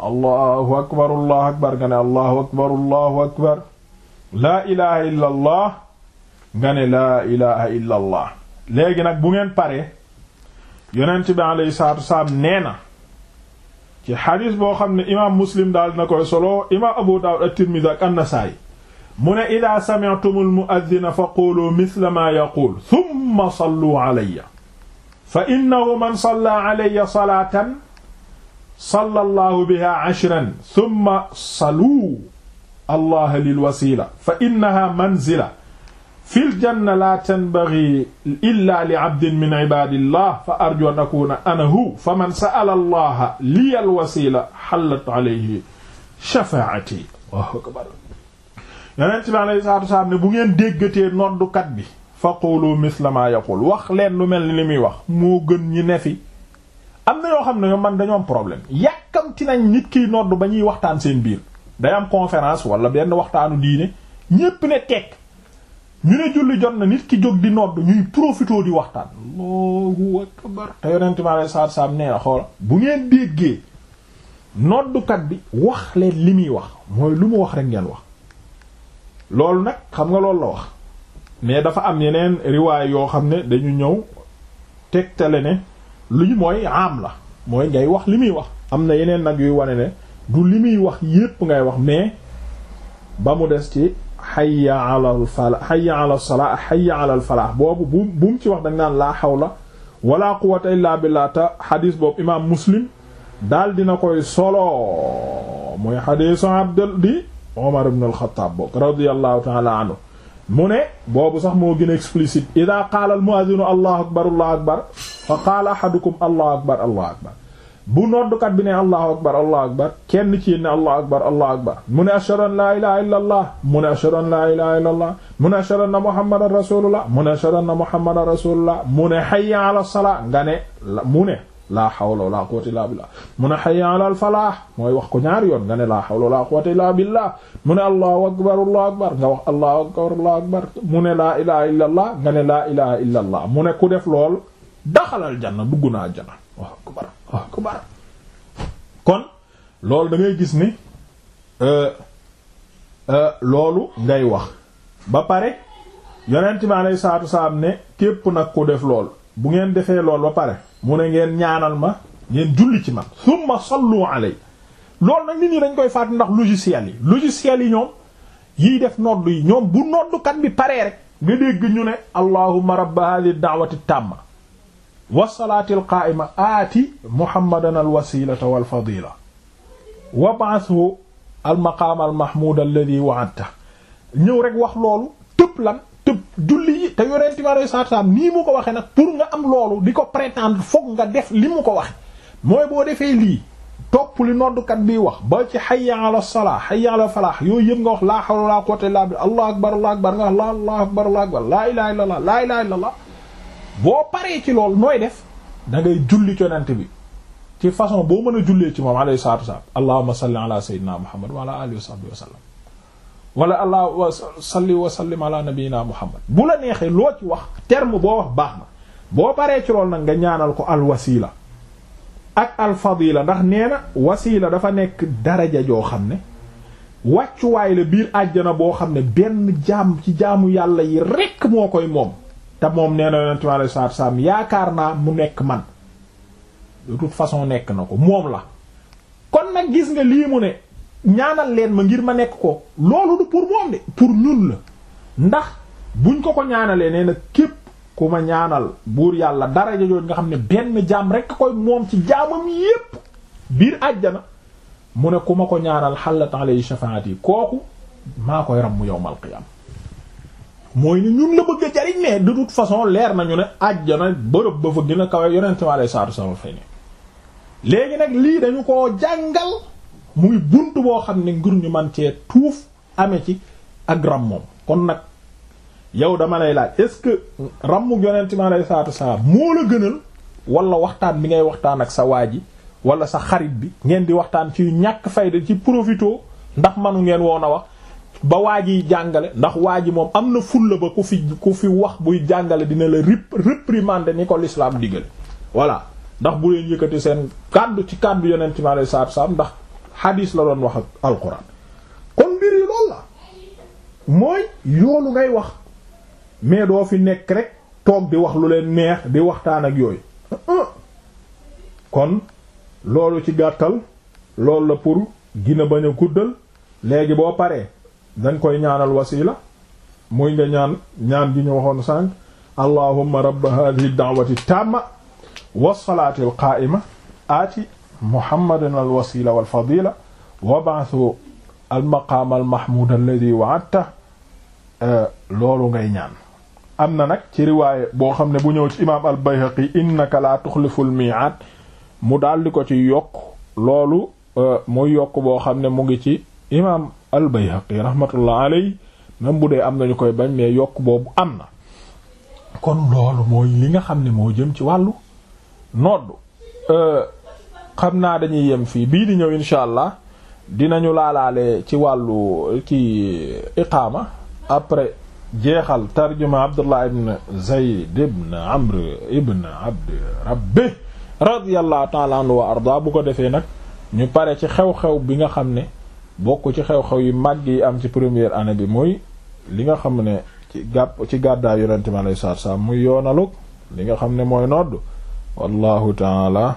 allahu akbar allahu akbar nga ne akbar allahu akbar laa ilaha illa allah nga ne laa ilaha nag bu ngeen pare yonent bi alayhi salaatu wasalaam nee na ci boo xam ne imaam muslim daal na koy solo imaam abu dawud at-tirmidhi ak an-nasa'i mu ne ida sami'tumu al-mu'adhdhina fa qulu mithla ma yaqulu thumma sallu alayya fa innahu man salla alayya salatan salla allahu biha ashran thumma salu allaha lilwasila fa innaha manzila fi ljanna la tanbaghi illa li abdin min ibadillah fa arju an akuna ana hu fa man sa'ala allaha liya alwasila hallat alayhi shafa'ati yonent bi alayhi salaatu wasalaam bu ngeen déggatee noddukat bi faqulu misla ma yaqul wax leen lu mel ni li muy wax moo gën ñi ne fi am na yoo xam ne man dañoo am problème yàkkamti nañ nit kiy noddu ba ñuy waxtaan seen biir day am conférence wala benn waxtaanu diine ñépp ne tekk ñu ne julli jot na nit ki jóg di nodd ñuy profité di waxtaan Allahu akbar te yonent bi alayhi salaatu nee na xool bu ngeen déggee noddukat bi wax leen li muy wax mooy lu mu wax rek ngeen wax loolu nag xam nga loolu la wax mais dafa am yeneen riwaay yoo xam ne dañu ñëw tegtale ne luy mooy am la mooy ngay wax li muy wax am na yeneen nag yuy wane ne du li muy wax yépp ngay wax mais ba mu des ci hayya ala al falah hayya ala salaa hayya ala al falah boobu bu bu mu ci wax dañ naan laa hawla wala quwwata illa billah ta xadis boobu imaam muslim daal dina koy solo mooy xadisu abdal di Omar ibn al-Khattab bokk radiyallahu taala anhu mu ne boobu sax moo gën a explicite ida qaala al muazzinu allahu akbar allahu akbar fa qaala ahadukum allahu akbar allahu akbar bu noddukat bi ne allahu akbar allahu akbar kenn ci yéen ne allahu akbar allahu akbar mu ne ashhadu an la ilaha illa allah mu ne ashhadu an la ilaha illa allah mu ne ashhadu anna muhammadan rasulullah mu ne ashhadu anna muhammadan rasulullah mu ne hayya ala salaa nga ne mu ne laa hawla wala quwwata illa billah mu ne hayya ala mooy wax ko ñaari yoon nga ne laa hawla wala quwwata illa billah mu ne allahu akbar allahu akbar nga allahu akbar mu ne laa ilaha illa nga ne laa ilaha illa allah mu ne ku def lool daxalal janna dugg naa janna waaw akbar waaw akbar kon loolu da gis ni euh, euh, loolu ngay wax ba pare yonent bi alayhi salaatu salaam ne képp nag ku def lool bu ngeen defee lool ba pare mu ne ngeen ñaanal ma ngeen julli ci man summa sallu alay loolu nag nit ñi dañ koy faat ndax logiciel yi logiciel yi ñoom yiy def nodd yi ñoom bu noddukat bi paree rek nga dégg ñu ne allahumma rabba hadhihi da'wati tamma wassalaati alqaa'ima aati muhammadan alwasilata walfadila wab'athu almaqaama almahmuuda alladhi wa'adta ñëw rek wax loolu tëpp lan te julli yi te yonent bi alayhi nii mu ko waxee nag pour nga am loolu di ko prétendre foog nga def li mu ko wax mooy boo defee lii topp li noddukat bi wax ba ci hayya ala salaa hayya ala falaax yooyu yëpp nga wax laa hawla laa quwwata illaa billah allahu akbar allahu akbar nga wax allahu akbar allahu akbar laa ilaha illallah laa ilaha illallah boo paree ci lool nooy def da ngay julli ci yonent bi ci façon boo mën a jullee ci moom alayhi salaatu salaam allahumma salli ala sayyidina muhammad wa ala alihi wa sahbihi wa sallam wala allah salli wa sallim ala nabiina muhammad bu la neexee loo ci wax terme boo wax baax na boo paree ci lool nag nga ñaanal ko al wasila ak al fadila ndax nee na wasila dafa nekk daraja joo xam ne wàccuwaay la biir àjjana boo xam ne benn jaam ci jaamu yàlla yi rekk moo koy moom te moom nee na yonent mi alayhi salaatu yaakaar naa mu nekk man de toute façon nekk na ko moom la kon nag gis nga lii mu ne ñaanal leen ma ngir ma nekk ko loolu du pour moom de pour ñun la ndax buñ ko ko ñaanalee nee na képp ku ma ñaanal buur yàlla dara jooju nga xam ne benn jaam rekk koy moom ci jaamam yépp biir àjjana mu ne ku ma ko ñaanal xallat alayhi shafaati yi kooku maa koy ram mu yowmal qiyam mooy ni ñun la bëgg a jariñ mais de toute façon leer nañu ne àjjana bërëb ba fa gën a kawe yonente mi alei salatu wasalaam fay ne léegi nag lii dañu ko jàngal muy bunt boo xam ne ngir ñu man cee tuuf amee ci ak ram moom kon nag yow dama lay laaj est-ce que rammu yonent mi alayhi salaatu wasalaam moo la gënal wala waxtaan bi ngay waxtaan ak sa waa ji wala sa xarit bi ngeen di waxtaan ci ñàkk fayda ci profito ndax manu ngeen woon a wax ba waa ji jàngale ndax waa ji moom am na fulla ba ku fi ku fi wax buy jàngale dina la rip réprimander ni ko l'islam digale voilà ndax bu leen yëkkati seen kàddu ci kàddu yonent mi alayhi salaatu wasalaam ndax xadiis la doon wax ak alxuraan kon mbir yi loolu la mooy yoonu ngay wax mais doo fi nekk rek toog di wax lu leen neex di waxtaan ak yooyu kon loolu ci gàttal loolu la pour gina bañ a guddal léegi boo paree dañ koy ñaanal wasila muy nga ñaan ñaan gi ñu waxoon sànq allahumma rabb hadhihi da'wati tamma was salati al qa'ima aati muhammadan alwasila walfadila wab'athu almaqaam almahmuud alladi wa'adta eh, loolu ngay ñaan am na nag ci boo xam ne bu ñëw ci imaam albayhaqi innaka laa tuxlifu almiicaad mu daldi ko ci yokk loolu eh, muy yokk boo xam ne mu ngi ci imaam albayhaqi rahmatullah aley même bu dee am nañu koy bañ mais yokk boobu am na kon loolu mooy li nga xam ne moo jëm ci wàllu nodd eh, xam naa dañuy yem fii bii di ñëw insha allah dinañu laalaale ci wàllu ci iqaama après jeexal tarjuma abdullah ibn zayd ibn amr ibn abd rabbi radiyallahu ta'ala anhu wa arda bu ko defee nag ñu pare ci xew-xew bi nga xam ne bokk ci xew-xew yu màgg yi am ci première année bi muy li nga xam ne ci gàpp ci gàddaay yonente mi alei satu salaam muy yoonalug li nga xam ne mooy nodd wallahu ta'ala